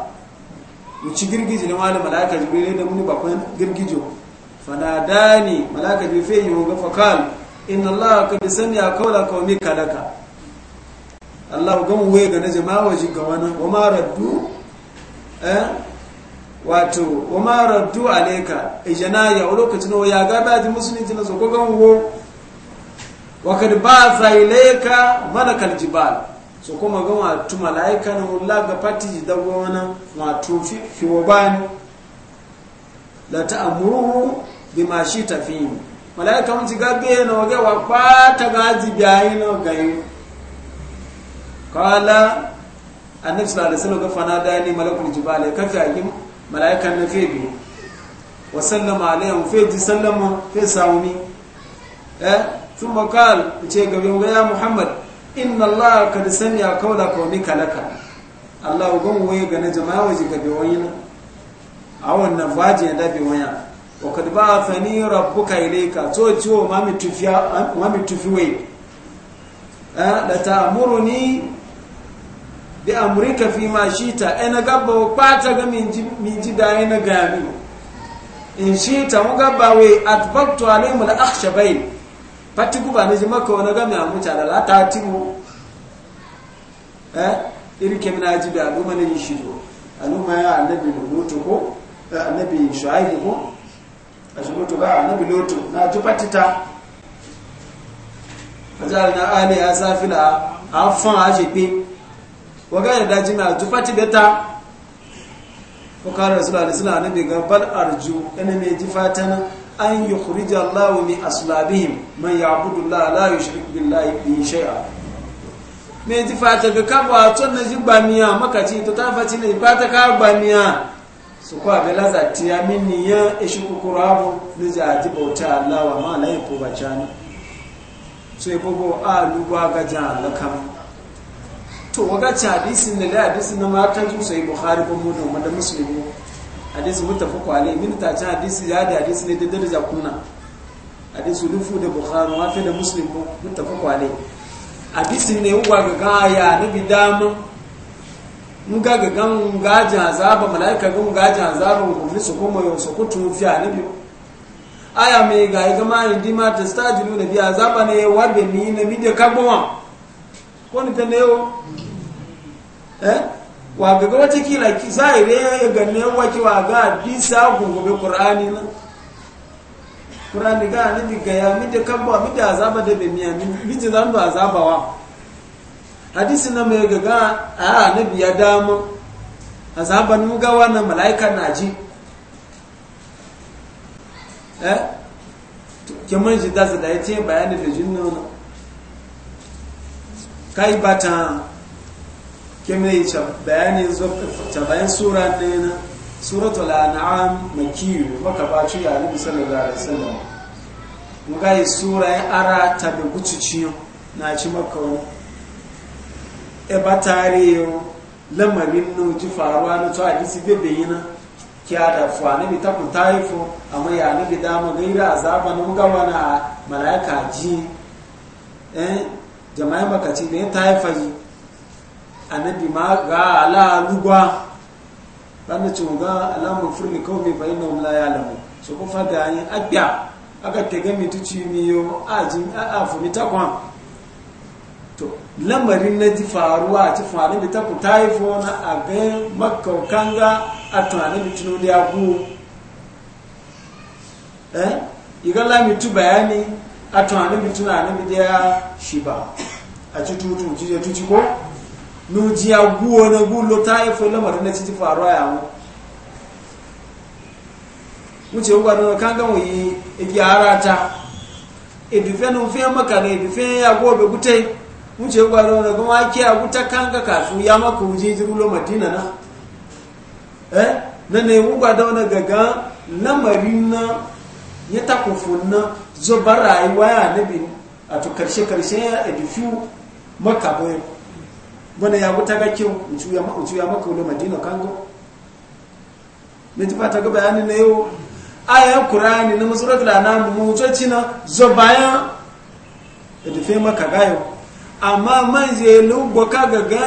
mu ci girgije ne wani malaka jibril da muni bakon girgijo fanadani malaka bi fe yiwo ga fakal inna allaha qad sami'a qawla qaumika laka allah ga mu wega na jama'a waji ga wani wa ma raddu eh wato wa ma raddu alayka ijana ya lokacin wa ya ga ji musulunci na so ko ga wo wakad ba sa ilaika malakal so kuma ga watu malaika na Allah ga fati da gona watu fi fi wabani la ta'muruhu bima shi tafi malaika mun ji gabe na waje wa ga ji biyayi na yi. kala annabi sallallahu alaihi wasallam ga fana ni malakul jibal ka fi yi malaika na fi bi wa sallama alaihi fi ji sallama fi sauni eh ثم قال يا محمد ان الله قد سمع قولك قومك لك الله وي قوم ويغنى جماعة وجيك او ان فاجي يدا بوينا وقد بعثني ربك اليك تو تو ما متفيا ما متفي وي ا تأمرني بامرك فيما شئت أنا قبل وقاتا من جدا أنا قامل ان شئت مقبل اتبقت عليهم الاخشبين pati kubana jimaka wani gami a mutane la ta eh iri kemi na ji da aluma ne shi zo aluma ya annabi lutu ko eh, annabi shuaibu ko a shi mutu ba annabi lutu na ji patita fajal na ali ya safila a a shi waga da daji mai ji pati beta ko kare rasulullah sallallahu alaihi wasallam ne ga arju ene me ji an yukhrija Allahu min aslabihim mai ya'budu Allah la yushrik billahi shay'a me ji fata ga ka ba to na ji ba miya makaci to ta faci ne fata ka ba miya su kwa ga lazati ya min ni ya ishi e kukurabu ni ja ji bauta Allah e wa ma la yaku ba cani so ya bobo a lugwa ga jan alaka to waga ci ne da hadisin na ta su sai bukhari ko mu da muslimu hadisi muttafaqu alayhi min ta ci hadisi ya da hadisi ne da daraja kuna hadisi lufu da bukhari wa fi da muslim ko muttafaqu alayhi hadisi ne uwa ga gaya na bidamu mun ga ga gan gajin azaba malaika gan gajin azaba ko ni su kuma yau su kutu fi annabi aya mai ga ga ma indi ma ta stajilu ne bi azaba ne wabe ni na mi da kabwa ko ni ta ne yo eh Wa ga wagaga kila ki zahire ya bi sa ku go be qur'ani na qur'ani ga ni diga ya mi de kan ba mi da azaba da be miya mi ji zan ba azaba wa hadisi na mai ga a annabi ya azaba ni mu ga na malaika na ji eh mun ji da zai da yace bayani da jinna kai bata kemai ca bayanin ta bayan sura ɗaya na suratul an'am makiyu maka ba ci ya nabi da alaihi wasallam mu ga sura ya ara ta da gucuci na ci maka wani e ba tare yo lamarin no ji faruwa na to a bai bebe na. kiya da fa nabi ta ku taifo amma ya nabi da mu gaira azaba no ga a malaika ji eh jama'a makaci ne taifa yi annabi ma ga ala lugwa ranar cin ga alamun furni kawai mai bayan na wula ya lamu so ko faga yin agya aka tege mi yo a ji a a fumi takwan to lamarin na ji faruwa a ci faru da takun ta yi fona a ga makaukan ga a tunanin mitinu da ya gu eh igala tu bayani a tunanin da tunanin da ya shi ba a ci tutu ji ya tuci ko nujiya guwa na gulo ta ifo lamarin na titi faruwa ya mu wuce ugwa na kan gan wuyi igyara ta edufe na ufe maka na edufe ya gobe gutai wuce ugwa na ake a guta kan ga kasu ya maka wuje jirulo madina na eh na ne ugwa da gaga lamarin na ya takufu na zubar rayuwa ya nabi a to karshe karshe ya maka bana ya guta ga kyau ucuya ma ucuya maka wala madina kango mai ta ga bayani na yau aya qur'ani na suratul anam mu tsoci na zo bayan da fe maka gayo amma man je lugo ka ga ga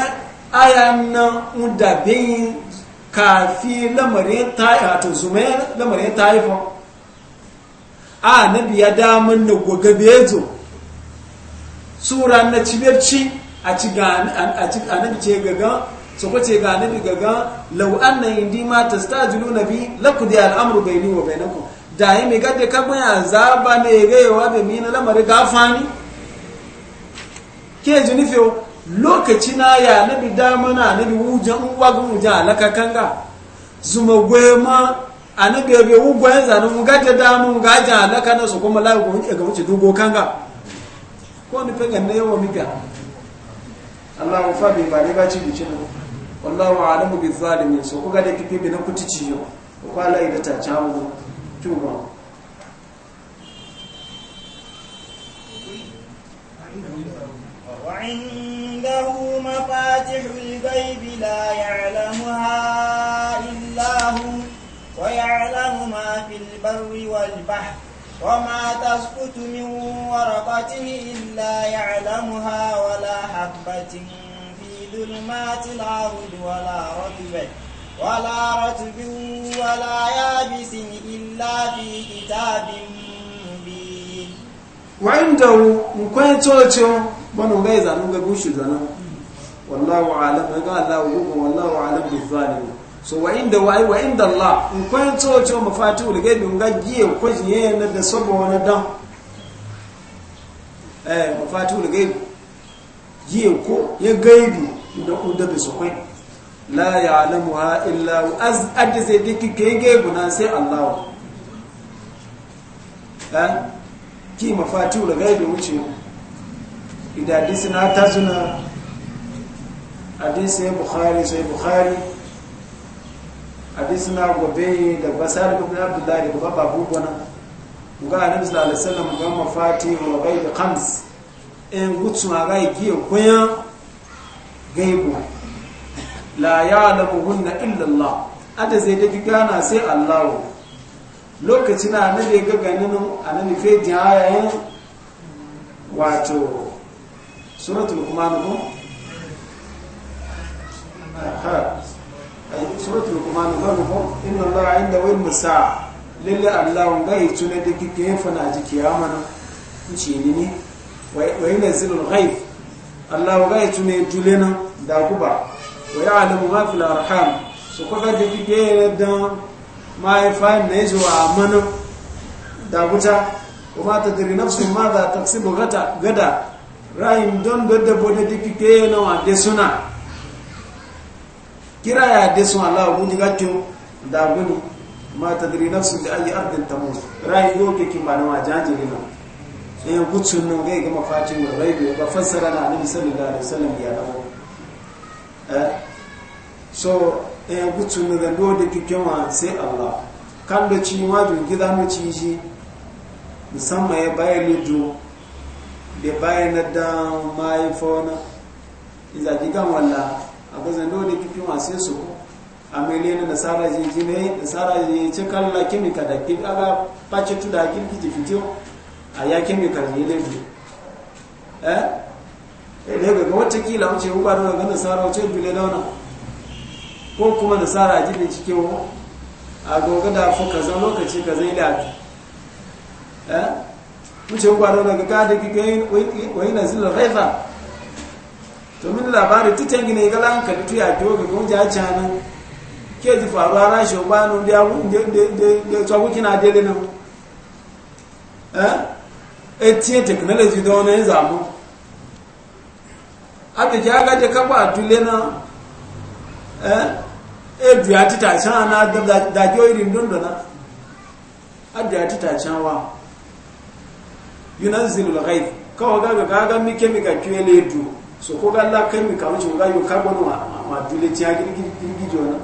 aya na unda bin kafi lamar ta to zume lamarin ta ifo a nabi ya da mun na gogabe zo sura na cibirci a ci anabi annabi ce gaga so kwace ga anabi gaga law anna indi ma tastajiluna bi lakudi al'amru baini wa bainakum da yi mai gade ka baya zaba ne gaiwa da mi na lamari gafani ke ji nufi lokaci na ya anabi dama anabi annabi wujan uwa wujan alaka kanga zuma gwema annabi ya bai wugwayen zanen mu gade dama mu gajen alaka na su kuma layu ga wuce dogo kanga ko ni fengan na yawa miga Allah wa fa bi ba ne ba ci bici no wallahu alamu bi zalimin so ko ga da kifi bi na kuti ci yo ko Allah ya ta ta mu ba وعنده مفاتح الغيب لا يعلمها إلا هو ويعلم ما في البر والبحر وما تسقط من ورقة إلا يعلمها ولا حبة في ظلمات الأرض ولا رطب ولا رطب ولا يابس إلا في كتاب مبين وعنده مكوين توتو بانو غيزا نوغا غوشو والله أعلم قال الله والله أعلم بالظالمين so wa inda wa wa inda Allah in kwan wa mafati fati ulge bin nga giye ko jiye na da sabo wani dan eh mu fati ulge giye ko ya gaibi da da bi so kai la ya'lamuha illa hu az adze diki ke ge guna sai Allah eh ki mafati fati ulge bi wuce idan hadisi na tazuna hadisi bukhari sai bukhari hadisi na gobe da basar ibn abdullahi da baba bubana ga annabi sallallahu alaihi wasallam ga mafati wa ghaib khams in gutsu ma gai giye koya gaibu la ya'lamuhunna illa Allah ada zai da gana sai Allah lokacin annabi ga ganin annabi fe di ayayin wato suratul kumanu ko suratul luqman ngam ko inna allaha inda wal musa Lalle allah ngai tuna da kike fana ji kiyama na ci ni ni wa yunzilu al-ghayb allah ngai tuna dulena da kuba wa alamu ma fil arham su ko ga yi da ma fa yi zuwa mana da guta kuma ta diri nafsu ma za ta tsibu gada rayin don gadda bode dikike na wa desuna. suna kira ya de sun Allah mun diga to da guni ma tadri nafsu bi ayi ardin tamut rai yo ke kin bana ma ne na eh gutsun nan gai ga mafatin wa rai ba fassara na annabi sallallahu alaihi wasallam ya dawo eh so eh gutsun nan da dole kikin wa sai Allah kan da ci mu ci musamman bayar da da wallah a zando ne kifin wasu su a mele na nasara je ne nasara je ce kalla kimika da kifi aga face tu da kirki ji fito a ya kimika ne ne bi eh ne eh, ga wata kila wuce ku ba da ga nasara wuce bile launa ko kuma nasara ji da cike wo a gogo da fu kaza lokaci kaza ta eh wuce ku ba da ga ka da kike wai nazil raifa to min labari tutan gine ga lan ka tu ya to ko ja chana ke ji faru ara sho ba no dia wu de de de de to ku kina dele na eh etie technology do na za mu abi ja ga je ka ba dule na eh e du ya ti ta chana da da jo iri ndondo na adi ya ti ta chanwa yunazilul ghaib kawa ga ga ga mi ke mi ka kwele du so ko ga la kai mi ka mu ga yo ka bonu ma dule ti agiri giri giri jona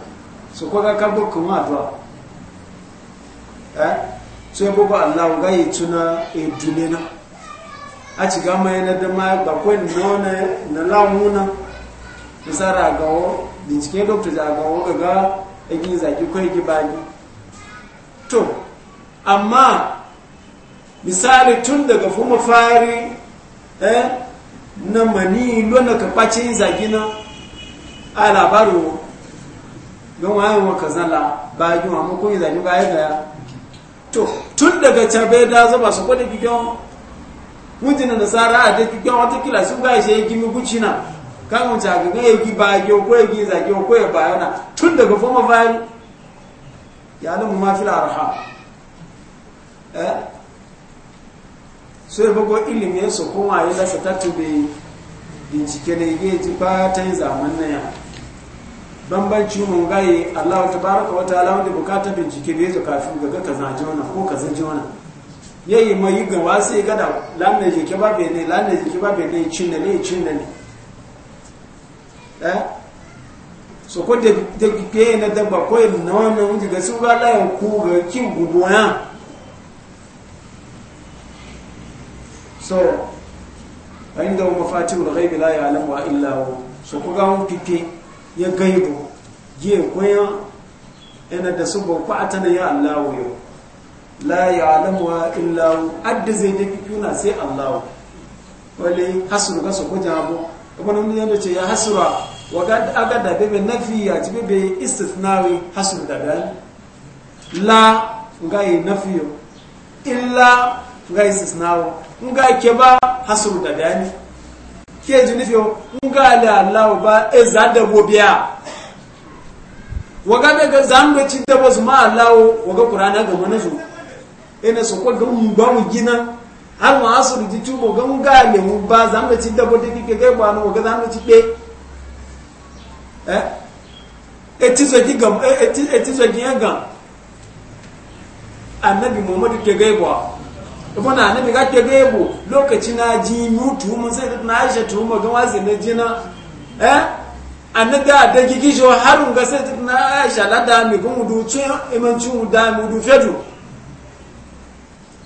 so ko ga ka bo ko ma do eh so bo ba Allah ga yi tuna e dule na a ci ga mai na da ma ba ko no na na la mu na misara ga wo bincike doctor da ga wo ga e gi za ki ko e gi ba ni to amma misali tun daga fuma fari eh na mani lona ka kwace zagi na a labaru don wayan wa zala ba yi gina amma kun zagi ba ya daya to tun daga cabe da zaba su kwada gigan mutun da sara a da gigan wata kila su ga shi gimi gucina kan mu ta ga yi ba yi ko yi zagi ko ya bayana tun daga fama bayan ya lamu ma fil eh so ya bago ilimin su kuma ya lasa ta tube bincike da ya ji ba ta yi zaman na ya bambanci mun gaye Allah ta baraka wata ala wanda bukata bincike da bai zuka fi gaga ka zaje wannan ko ka zaje ya yi mai yi gawa sai da lanne je ke ba bene ne lanne je ke ba bai ne cin ne cin ne eh so ko da da ke na dabba ko ko na wani wanda ga su ga layan yan ku ga kin guduwa so inda mafatihul ghaibi la ya'lamu illa hu so ku ga mun pipe ya gaibo je koya ina da su ba ku atana ya Allah yo la ya'lamu illa hu adda zai da na sai Allah wale hasru ga su ko jabo kuma nan ne ya ce ya hasra wa ga aga da bebe nafi ya ci bebe istithnawi hasru da dal la ngai nafiyo illa nga istisnawo nga keba hasru da dani ke junifio nga la Allah ba ezada bobia waga daga zanwe ci da basu ma Allah waga qur'ana ga manazu ina so ko ga ba mu gina har ma asru ji tumo ga nga le mu ba zanwe ci da bodi kike ga ba no waga zanwe ci be eh etizo gi gam e, etizo gi gam annabi muhammadu ke gaiba ibona ne ga ke gebo lokaci na ji mutu mun sai da na Aisha tu mun ga wazi na jina eh an da gigi jo harun ga sai da na Aisha la da mi gumu du ce iman mu da mu du fedu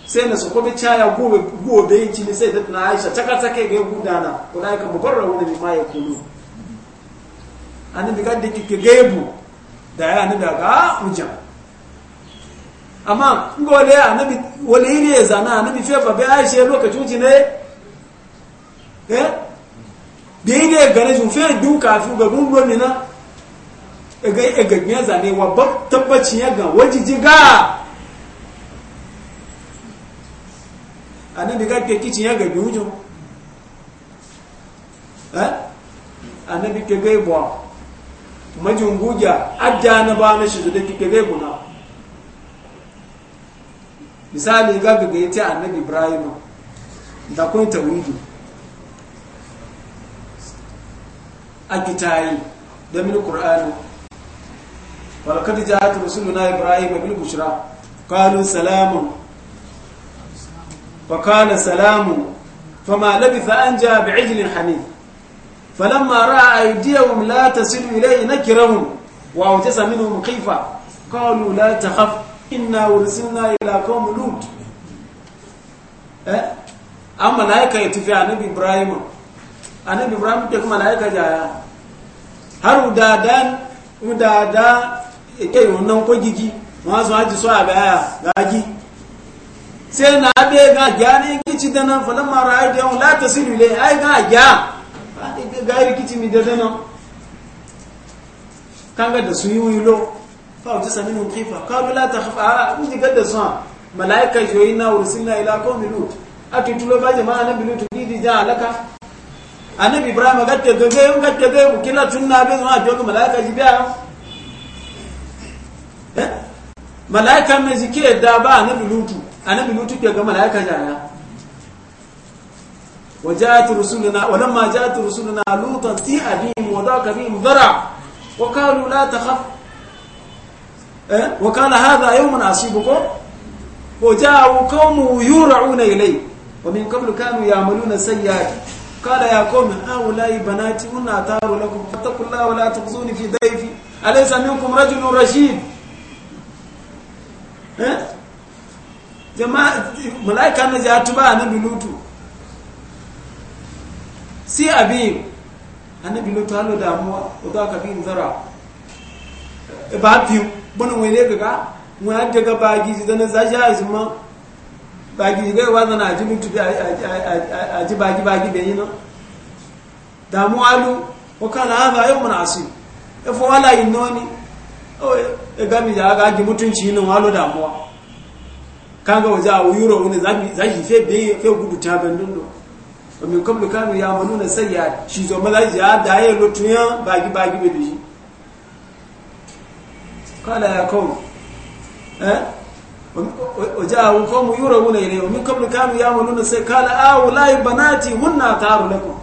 sai na su ko ya go go da yin ci sai da na Aisha taka take ga gudana ko dai ka mubarra wani bi ma ya kulu anabi ga da ke gebo da ya ni daga ah, mujan amma ngole annabi wali ne zana annabi fefa bai aisha lokacin ci ne eh dai ne gane jun fe duka fi ga gundo ne na e ga e ga ne zane wa ba tabbaci ya ga wajiji ga annabi ga ke kicin ya ga biujo eh annabi ke ga bo majunguja adda na ba na shi da ke ga buna misali ga gaga ya ce annabi ibrahim da kun tawhidi a kitayi da min qur'ani wal kad ja'at rusuluna ibrahim bil bushra qalu salamun wa kana salamun fama labitha an ja'a bi'ijlin hanif فلما راى ايديهم لا تصل اليه نكرهم واوجس منهم خيفه قالوا لا تخف inna ursilna ila qaumin lut eh an malaika ya tafi annabi ibrahim annabi ibrahim ke kuma malaika jaya har udadan udada ke wannan ko gigi ma zo haji so a baya gaji sai na be ga gane kici da nan falan ma ra'ayi da la tasilu ilai ai ga ya ga ga rikici mi da nan kanga da su yi wulo فأوجس منهم خيفة قالوا لا تخف أنت آه، قد صام ملائكة جوينا ورسلنا إلى قوم لوط أتتلو ما أنا بلوط جيدي جاء لك أنا ibrahim قد te قد yau وكلا te dobe ما tunna bin جبيا jogo malaika ji أنا بلوط أنا بلوط zike da ba annabi وجاءت رسولنا ولما جاءت رسولنا لوطا تي بهم وضاق بهم ذرع وقالوا لا تخف eh wa kana hadha yawman asibukum wajaa'u qawmu yur'una ilay wa min qablu kanu ya'maluna sayyi'at qala ya qawmi a'ulai banati unna taru lakum fattaqullaha wa la tukhzuni fi dayfi alaysa minkum rajulun rashid eh jama'a malaika na jatuba annabi lutu si abi annabi lutu halu damuwa udaka bin zara ba piu bana wele gaga wa daga bagi ji dana za ja isma bagi ga wa dana ji mutu bi aji bagi bagi be yino da mu alu o kana hada yawmun asib e fo wala inoni o e ga mi ja ga ji mutunci alu walo damuwa kaga waje a yuro wani za shi fe be fe gudu ta bandun do wa min qablu kanu ya'maluna sayyi'at shi zo malaji ya da ya lotunya bagi bagi be shi قال يا قوم ها وجاءه قوم يرون إليه ومن قبل كانوا يعملون السيء قال هؤلاء بناتي هن أطهر لكم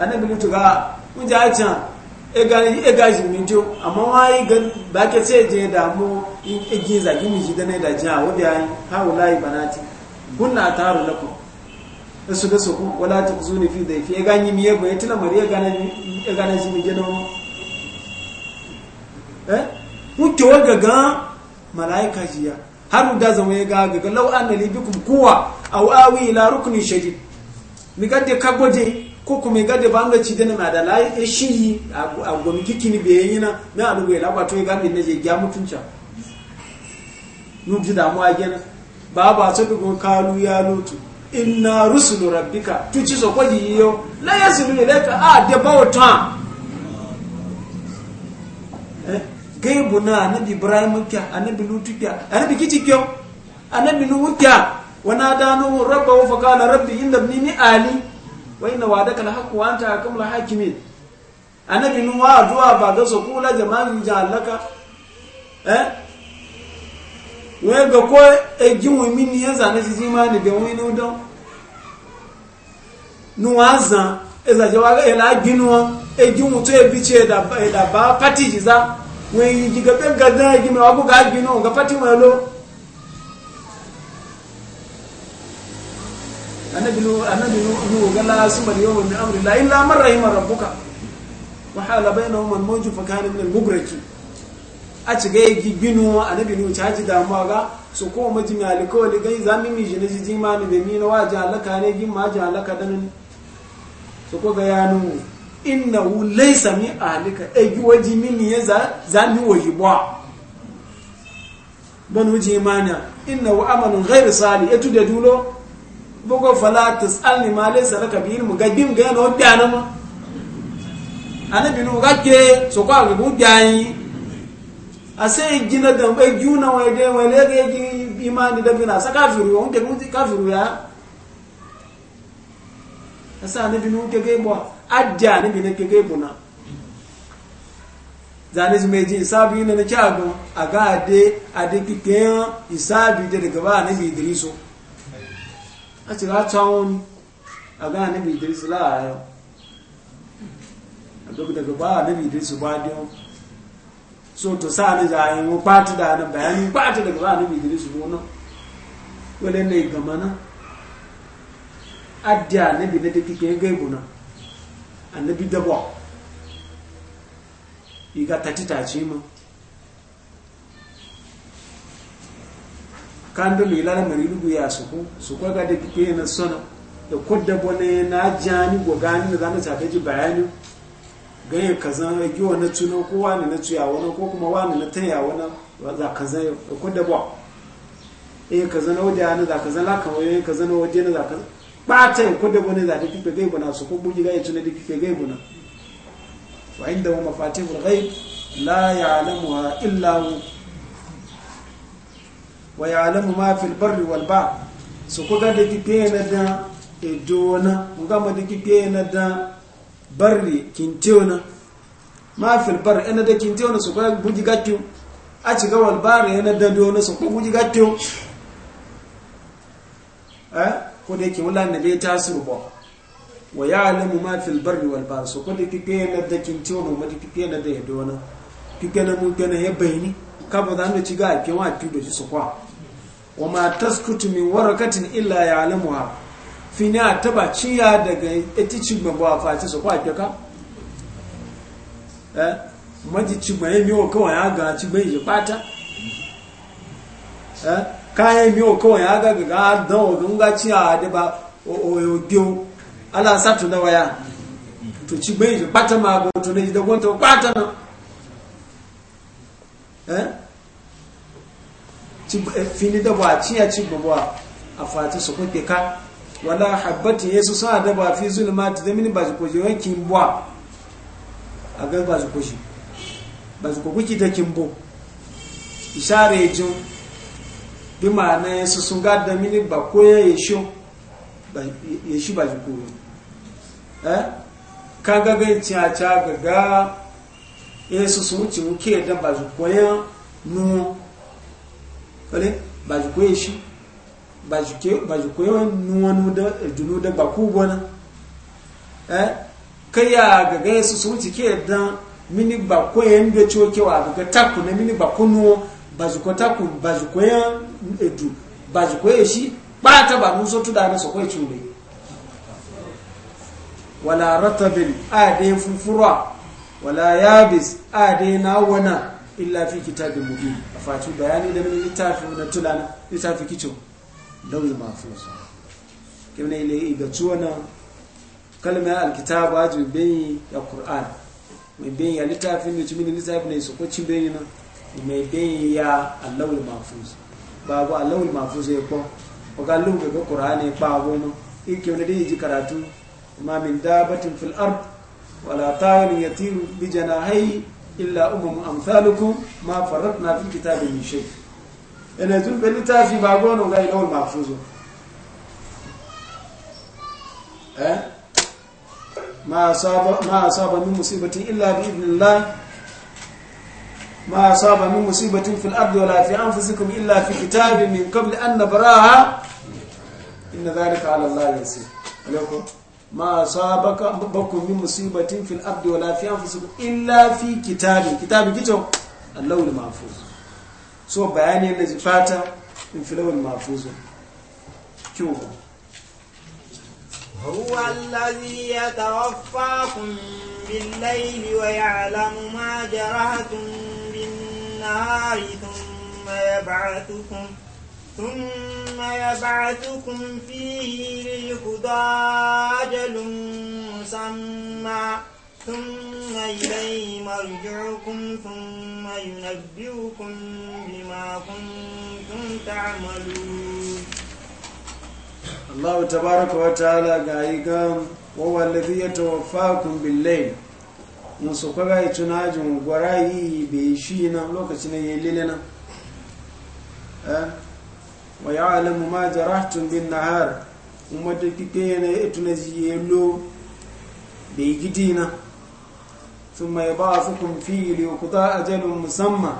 أنا بلوت قال mun ji hacin egaji minjo amma wayi gan ba ke ce je da mu in igi zagi mu ji da ne da jiya wadda yayi hawo layi banati kunna taru lakum su da su ku wala ta kuzuni fi da fi eganyi mi yego etila mari egana egana ji mi wuce wa gaga mala'ika jiya har da zama ya ga gaga lau an na libikum kowa a wa'awi larukuni rukuni mai mi gade ka gwaje ko kuma mi gade ba ci dana na da layi e shi a gomi kiki ni bayan yana na alugu ya labato ya gami na je gya mutunca nuji damuwa gina ba ba ta dugo kalu ya lotu inna rusulu rabbika tuci so kwaji yiyo la ne laifin a de ta gaibu na annabi ibrahim kya annabi lutu kya annabi kiti kyo annabi nuhu kya wa nadanu rabbahu fa qala rabbi inna ibni ni ali wa inna wa'daka al-haqqu wa anta Hakimi. hakimin annabi nuhu addu'a ba ga so kula jama'in jallaka eh we ga ko e jimu min yan na si ma ni be wi nu don nu azan ezaje wa ga e la ginu e mu to e bi che da e da ba patiji za wọ́n yìí gẹ́gẹ́ gẹ́gẹ́ gẹ́gẹ́ ọgbọ́gá gbiná ọ̀gá fátíwọ̀n ẹ̀lọ́ anábìnú ọ̀gálá súnmọ̀lì yóò wọ̀n ní àmìrìlá ilá mara yìí mara búka wàhálà bẹ́ẹ̀ na wọn mọ́jú fakanin mil mugraki a ci ga yi gbinu anábìnú caji damuwa ga su kowa majin alikawali gai zami mi shi na jiji ma ni da mi na wajen halaka ne gin ma jin halaka danin su ko ga ya nuna innahu laysa min ahlika egi waji min ya za za mi wayi ba ban wuji mana innahu amalun ghairu salih etu da dulo bugo fala tasalni ma laysa laka bi ilmu gadim ga no dana ma anabi no gake so kwa ga bu dai ase jina da e juna wa de wa le ga ji imani da bina saka firu on ke mu kafiru ya asa anabi no ke ga bo ajja ni bi ne kege buna zane su mai ji isabi yi na ci agun a ga ade ade kikeyan isabi da daga ba ne bi idrisu a ci ga tsawon ni a ga ni bi idrisu la a yau a duk daga ba ni bi idrisu ba diyo so to sa ni za a yi pati da na bayani pati daga ba ne bi idrisu gona wale ne gama na ajja ni bi ne da kikeyan gaibuna annabi dabo iga tati tace mu kando mi lana mari lugu ya suku suku ga da kike na sona da kodda bone na jani gani na zana tabe ji bayani gaye ya kazan ya gi wani tuno ko wani na tuya wani ko kuma wani na taya wani za kazan da kodda ba eh kazan wajen na za kazan la kan wajen kazan wajen na za kazan batan ko da bane za ta kife gai bana su ko buji gai tuna da kife gai bana wa inda wa mafatihul ghaib la ya'lamuha illa hu wa ya'lamu ma fil barri wal bahr su ko ga da kife na da e dona ga ma da kife na da barri kintiona ma fil barri ina da kintiona su ko buji gattu a ci ga wal bahr da dona su ko buji gattu eh ko da yake wala na bai tasiru ba wa ya'lamu ma fil barri wal bahr so ko da kike na da kin ciwo mu ma kike na da yado na kike na mu kana ya bayani ka ba da ci ga ke wa ti do su kwa wa ma taskutu min warakatin illa ya'lamuha fini a taba ya daga etici ba a ci su kwa ke ka eh maji ci yi mi wa kawai ga ci bai ji fata eh kayan mi okan ya ga ga dan ogun ga ci a de ba o ala na waya to ci gbe ma to ne ji na. gon to na eh ci fini ci ya ci a fati su ka wala habbati yesu sa da fi zulmati da mini ba ji ko ji a ga ba ji ko da kin bi ma'ana su ga da mini ba ko ya yesho ya shi ba jikuru eh ka ga ga tiya ta ga ga yesu sun wuce wuke da ba jikoya nu kale ba jikoya shi ba jikoya nu wani da junu da ba ku bona eh kai ya ga ga yesu sun wuce ke da mini ba ko yan da cokewa ga taku na mini ba kunuwa bazikotaku bazikoya edu bazikoyeshi bata banuso tudana sokwe chule wala ratabil ade fufura wala yabis ade wana illa fi kitabin mubin afatu bayani da min litafi na tulana litafi kicho lawil mafus kimne ile iga tuwana kalma alkitab ajibin ya qur'an mai bin ya litafi ne tumin litafi ne sokwe chimbeni na mai bai ya allawul ba babu allawul mafuz ya e ko ga lu e ga qur'ani ba e goma yake wani dai ji karatu ma min dabatin fil ard wala ta'in yatiru bi janahi illa umum amsalukum ma farratna fi kitabin min shay ina zun bai litafi ba gona ga allawul mafuz eh ma asaba ma asaba min musibatin illa bi idnillah ما أصاب من مصيبة في الأرض ولا في أنفسكم إلا في كتاب من قبل أن نبراها إن ذلك على الله يسير عليكم ما أصابك بكم من مصيبة في الأرض ولا في أنفسكم إلا في كتاب كتاب كتب اللون المحفوظ سو بياني الذي فات من في اللون المحفوظ شوف هو الذي يتوفاكم بالليل ويعلم ما جرهتم النار ثم يبعثكم ثم يبعثكم فيه ليقضى أجل مسمى ثم إليه مرجعكم ثم ينبئكم بما كنتم تعملون الله تبارك وتعالى قال وهو الذي يتوفاكم بالليل musu kwaga yi tunajin gwarayi yi bai shi nan lokaci na yi lile nan eh? wa ya alamu ma jarahtun bin nahar kuma da kike yana yi tunaji ya lo bai gidi na sun mai ba su kumfi ku ta ajalin musamman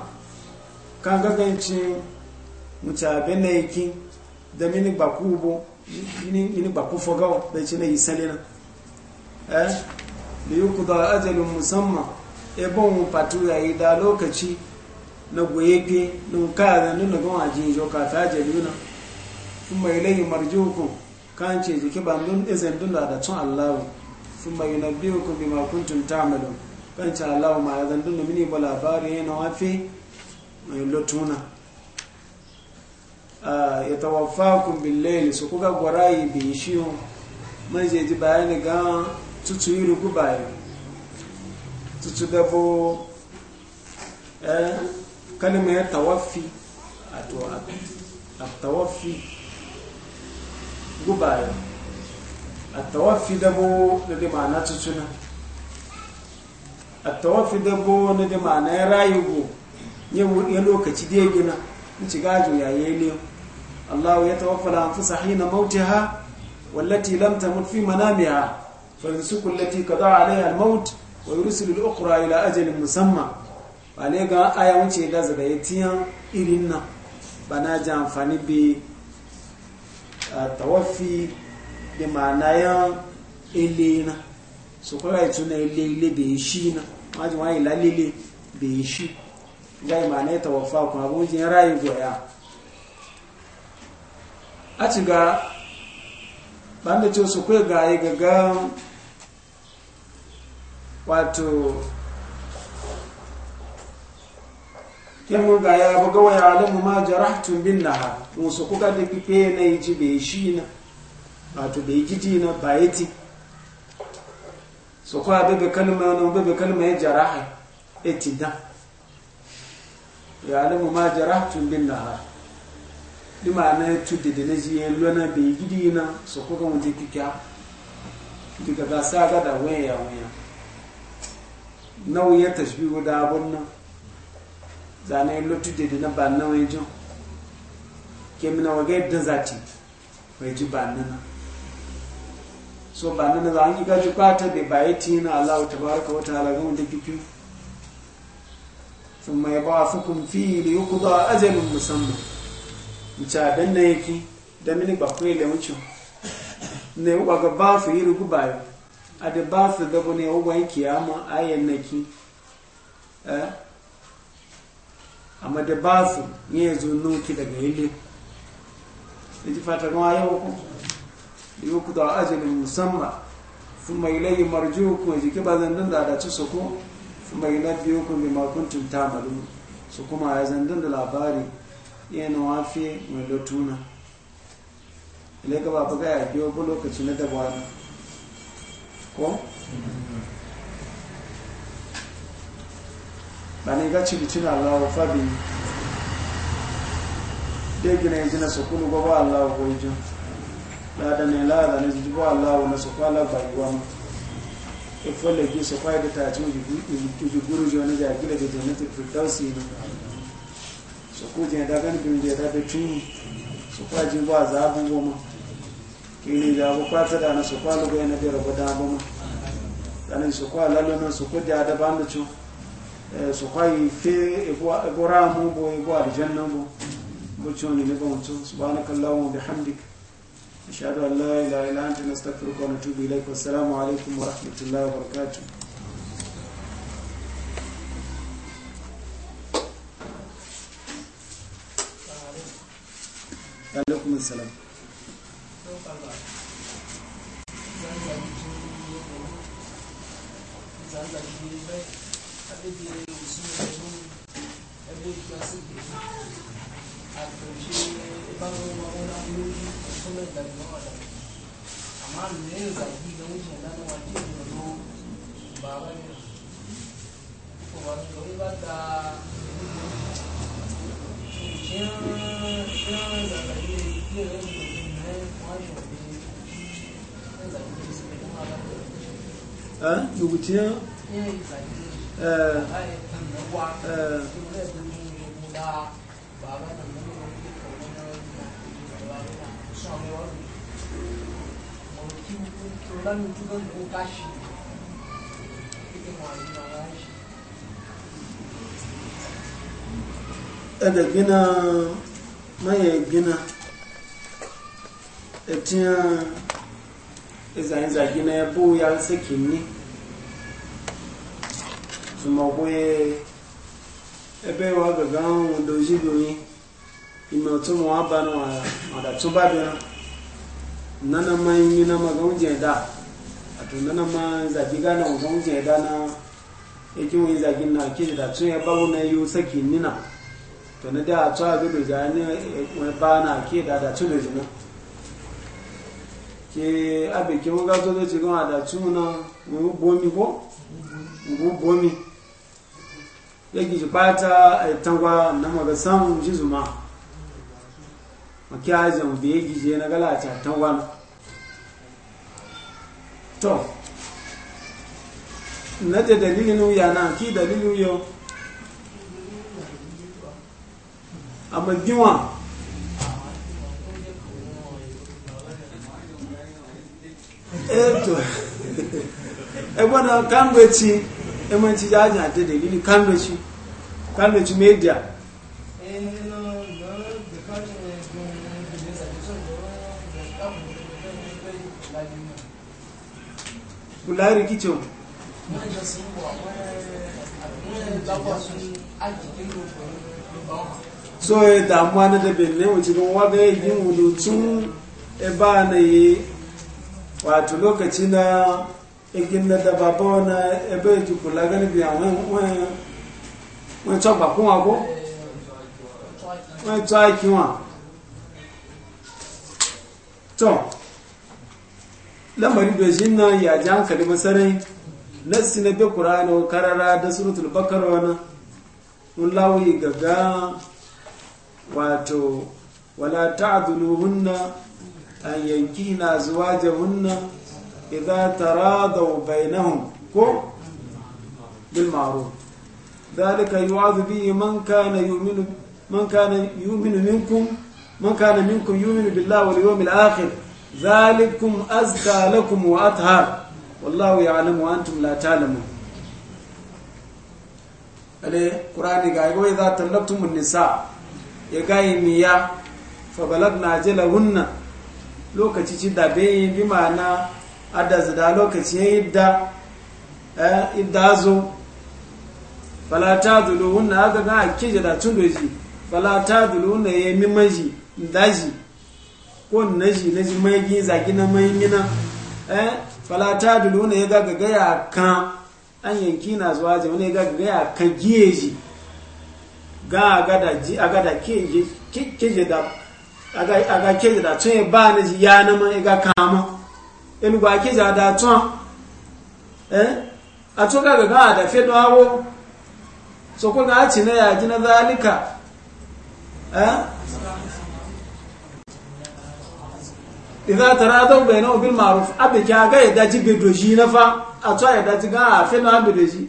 kan gagancin mutabe na yaki da mini baku ubo mini baku fogawa da ci na yi salina eh da yi a ajalin musamman ebon fatu ya yi da lokaci na goyeke nun kaya da nuna gama jin joka ta jaluna sun mai layi hukun kan ce jiki bandun izin dula da tun allahu sun mai na biyu hukun bi makuntun tamalin kan ce allahu ma ya zandun da mini ba labari yana wafe mai lotuna ya tawafa kun billahi su kuka gwarayi bin shiyo mai jeji bayani gan tutu iru gubayo tutu dabo eh kalima ya tawafi ato atawafi gubayo atawafi dabo na da ma'ana tutuna atawafi dabo na da ma'ana ya rayu ya lokaci da ya gina in ci gajo yayi ne Allah ya tawaffa al-anfusa hina mautaha wallati lam tamut fi manamiha فالنسوك التي قضى عليها الموت ويرسل الأخرى إلى أجل مسمى wale ga aya wuce da zaga ya tiyan irin nan bana na ji amfani bi tawafi da ma'ana yan ile na su kura ya tuna ile ile bai shi na majin wani lalile bai shi ga yi ma'ana ya tawafa kuma ya rayu goya a ci ga ɓanda ce su kai ga yi gaggawa wato kimun ga ya buga wa yalamu ma jarahtum bin naha musu kuka da kike na yi ji bai shi na wato bai gidi na ti. so kwa bebe kalma na bebe kalma ya jaraha etida yalamu ma jarahtum bin naha dima na tudde da na ji lona bai gidi na so kuka mu je kike diga ga sa ga da waya waya nauyin tashbihu da abun nan zane lotu da na ba nauyin jin ke mina waga yadda zati mai ji ba nana so ba nana za a yi gaji kwata da ba yi tina Allah ta baraka wata halagun da kifi sun mai ba su kun fi da yi kuzo a ajalin musamman mace abin na yake da mini ba ya da wucin na yi ba su yi rugu bayan Ade ba su da bane wawan kiyama ayan naki eh amma e e da ba su ne zo nuki daga yille ji fata ruwa yau ku yau ku da ajalin musamman sun mai layi marjiyo ku jiki ba zandun da adaci su ku sun mai labiyo ku e mai makuntun tamalu su kuma ya zandun da labari yana wafe mai lotuna ilai gaba ba ga ya biyo ku lokaci na dabawa ko bane ga ci bitin Allah fabi de gina yi jina sukulu gaba Allah ko yi jin da ne lada ne jibo Allah na sukala bai wa mu e folle gi so kwaide ta ci ji ji guru jo ne ja gile de jannatul firdausi ne so ku da gani bin je da be tun so kwaje ba za goma kini ya bu kwata da na su kwalu ga yana jira guda ba mu kanin su kwala na su kuja da ba da cu eh, su kwayi fe igora mu bo igwa a jannan mu bu cu ne ne ba mu cu subhanakallahu wa bihamdik ashhadu an la ilaha illa anta nastaghfiruka wa natubu ilaik wa assalamu alaikum wa rahmatullahi wa barakatuh alaikum assalam zanza jiri bai abe da ya yi su ne da abe da su ke a ƙarshe ɓangon ma'auna yoyi suna da nawa da amma me ya zagi da wucin nan wace da zo ba ba ne ko ba da wani ba da yan yan zagaye yi yi yi yi yi yi yi yi yi yi yi lugutiyan uh, ɗaga gina maye gina etiyan izanizagina ya bu ya sakin ni tụmọkwe ebe wa gaga ahụ dozigo onye ime otu ma aba na mada tụba bịa nana ma imi na maga nje da ato nana ma zabiga na nga nje da na eki wani zagin na ke da tun ya babu na yi saki nina to na da tun abin da ja ne wani ba na ke da da tun da ke abin ke wuga zo da cikin a da tun na wubu bomi ko wubu bomi yake ji bata tangwa na maga samun ji zuma makiya jan da yake ji na galata tangwa na to na da dalilin ya na ki dalilin yau a magiwa eto eh, ebe eh, na kangwe ci emanci jajin a ta dalili kandoci kandoci media kula rikicin so ya eh, damuwa na da benin wajen waga yin wulutun eba na yi wato lokaci na eginna da baba ona ebe ejukwu lagani bi àwọn wọn tọgbà kún wọn kó wọn tọ àìkí wọn tọ lamarin da shi nan ya ji hankali masarai nassi na bi kur'ani karara da suratul bakar wani mun lawuyi gaga wato wala na an yankina azwajahunna idza taradaw bainahum ko bil ma'ruf dhalika yu'adhu bihi man kana yu'minu man kana yu'minu minkum man kana minkum yu'minu billahi wal yawmil akhir dhalikum azka lakum wa athhar wallahu ya'lamu ale qur'ani ga ta idza mun nisa ya miya fa balagna ajalahunna lokaci ci bai bi mana adda da lokaci ya idda eh, idda zo fala ta dulu wunna aka ga hakki da tun doji fala ta wunna ya yi maji daji ko naji naji mai gi zaki na mai mina eh fala ta wunna ya ga ga ya kan an yanki na zuwa ji wani ya ga ya kan giyeji ga agada ji agada keje keje da aga keje da tun ba ni ya na ya ga kama enugba akija da tún eh atuka ga ga da fe do awo so ko ga ci na ya ji na zalika eh idza taradau bainahu bil ma'ruf abika ga ya daji bedoji na fa atwa ya daji ga fe na bedoji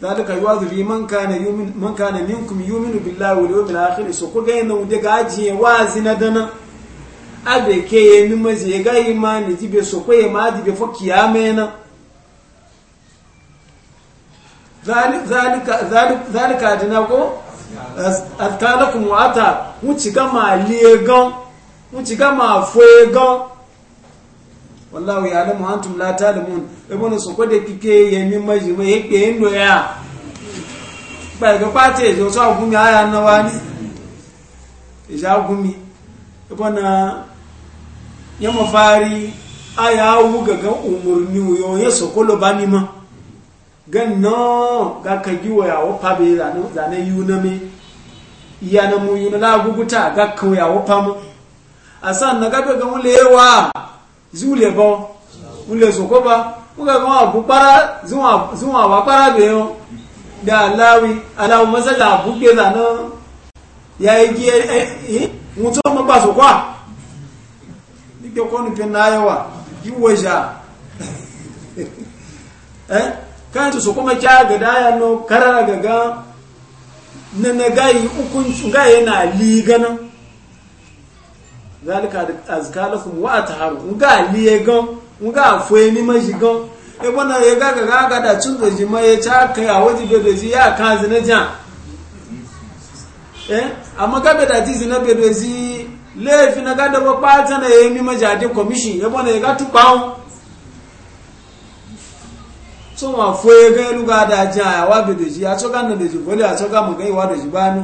dalika yuwazu bi man kana yumin man kana minkum yuminu billahi wal yawmil akhir so ko ga yana wude ga ajiye wazi na dana abe ke ye mi mazi ye ga ima ne ti be so ko ye ma di be fo kiyamena zalika zalika zalika ko atalakum wa ata wuci ga ma liye gan wuci ga ma foye gan wallahu ya'lamu antum la ta'lamun ibn so ko de kike ye mi maji ma ye pe ndo ya ba ga pate jo so gumi aya na wani ija gumi ibn ya mafari a ya wuga ga umarni wuyo ya sokolo ba nima gan no ga ka giwa ya wafa be zane yuna me iya na mu yuna laguguta ga ka ya wafa mu a san na gabe ga wule yawa zule ba wule soko ba muka ga wa bukpara zuwa zuwa wa kpara be yo da alawi alawu masala buke zane ya yi giye eh eh, eh mutum ba a! nike ko nufin na yawa yi waja eh kanci su kuma kya ga daya no karara ga na na gayi ukun su gayi na ligana zalika azkalakum wa atharu ga liyegan ga foye ni majigan e bona ye ga ga ga da tun da jima ye ta kai a waje da da ya kan zina jan eh amma ga da ji zina be da ji laifi na gada ba ɓata na yayi mima jadi commission ya bane ya ga tukpawo so ma foye ga ilu ga da jan a wa be doji a tsoga na doji bole a tsoga mu ga iwa doji ba ni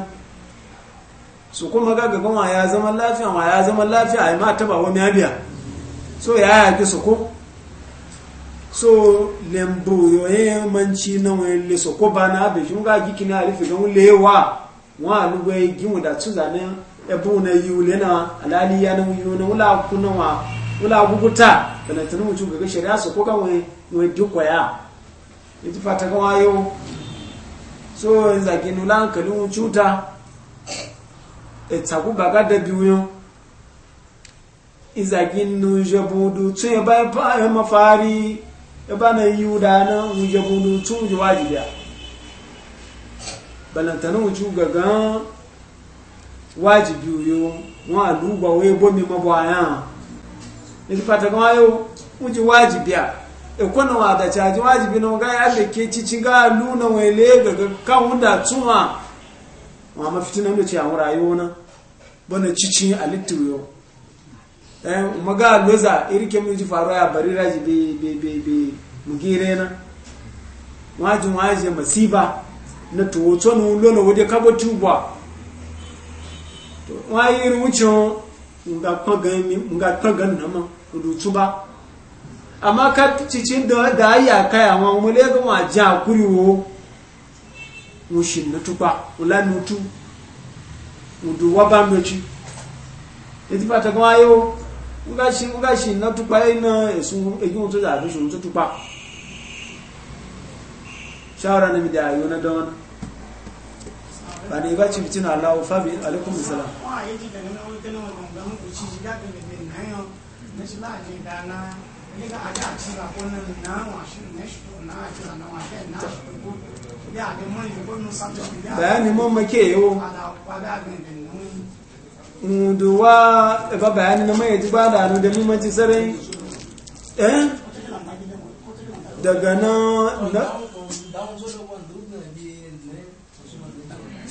so kuma ga ga goma ya zama lafiya ma ya zama lafiya ai ma taba wa miya so ya ya ki so ko so lembu yo ye manci na we le so ko ba na be shunga gikini alifi ga lewa wa lugwe gimu da tuzana ebu na yule na alali ya na yule wula kuna wa wula guguta kana tunu mu chuga shari'a so ko kan we we dukwa ya ita fata ga wayo so za kinula kalu mu chuta etsaku baga da iza izagin nu budu tun ya bai mafari ya ba na bana yuda na mu budu tun jawaji da balantanu mu chuga ga wajibi uyo wọn àlúgbà wọn ebó mi mọ́bọ̀ àyàn ìdí pàtàkì wọn ayo wọ́n ti wajibi à èkó náà wọn àdàtì àti wajibi náà gáyà lèkè títí gáà lú náà wọn èlé gẹ̀gẹ̀ ga dà tún à wọn a ma fitin náà lòtì àwọn na náà bọ́nà títí àlítì uyo eh maga loza irike mu ji faruwa ya bari raji be be be be mugire na wajin waje masiba na tuwo tsono lolo wode kabo a. wọ́n yí irun wuce wọn nga kpagan na ma ba amma ka cikin da da ayya kai amma mu le ga ma ja kuri wo mu shin na tuba ula nutu mu duwa ba mu ci eti ba ta kuma yo nga shi nga shi na tuba ina esu ejun to da du shun to tuba shawara na mi da yo na don ba ne ba ci mutuna Allah fa bi alaikum salam wa da na shi ne da na ne ga ba ko da mun ko bayani da e ba bayani na mai ji ba da da mun sarai eh daga nan na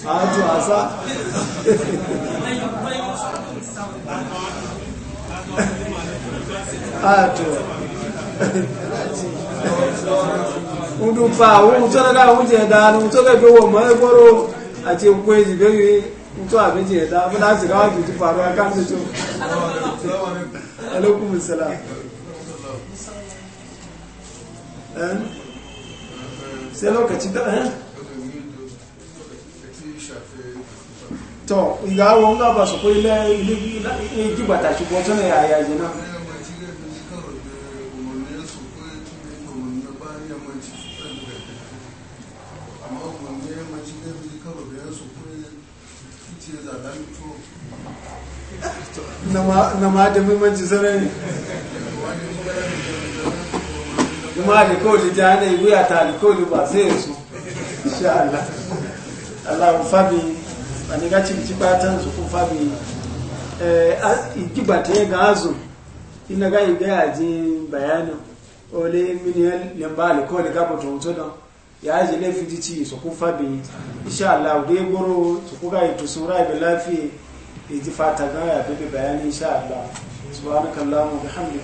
àjò àṣà àjò ndùpà ohun tó lọ́dá ohun jẹ ẹ̀dá ohun tó lẹ́gbẹ̀ẹ́ wọ̀ mọ́ ẹgbọ́rọ̀ àti òkú èjì lórí ohun tó àbẹ́jì ẹ̀dá fúnlá sí káwọn fìdí pàrọ̀ akáǹtì tó ẹlẹ́kùn mùsùlá ṣe lọ́kàtí bẹ́ẹ̀ to ga awon ga ba su ko ile ile ki bata shi ko tana ya ya jina da kuma alikoli ta hana ibu ya ta alikoli ba sai su insha Allah Allah fabi bani ga cibici batan su kun fabi igibata ya ga azu ina ole miliyan lamba alkawali ga bata wuce don ya ji laifin jici su kun fabi insha Allah dai goro su kuka yi tusura bi lafiya iji ga ya bi bayani insha Allah subhanakallahumma bihamdika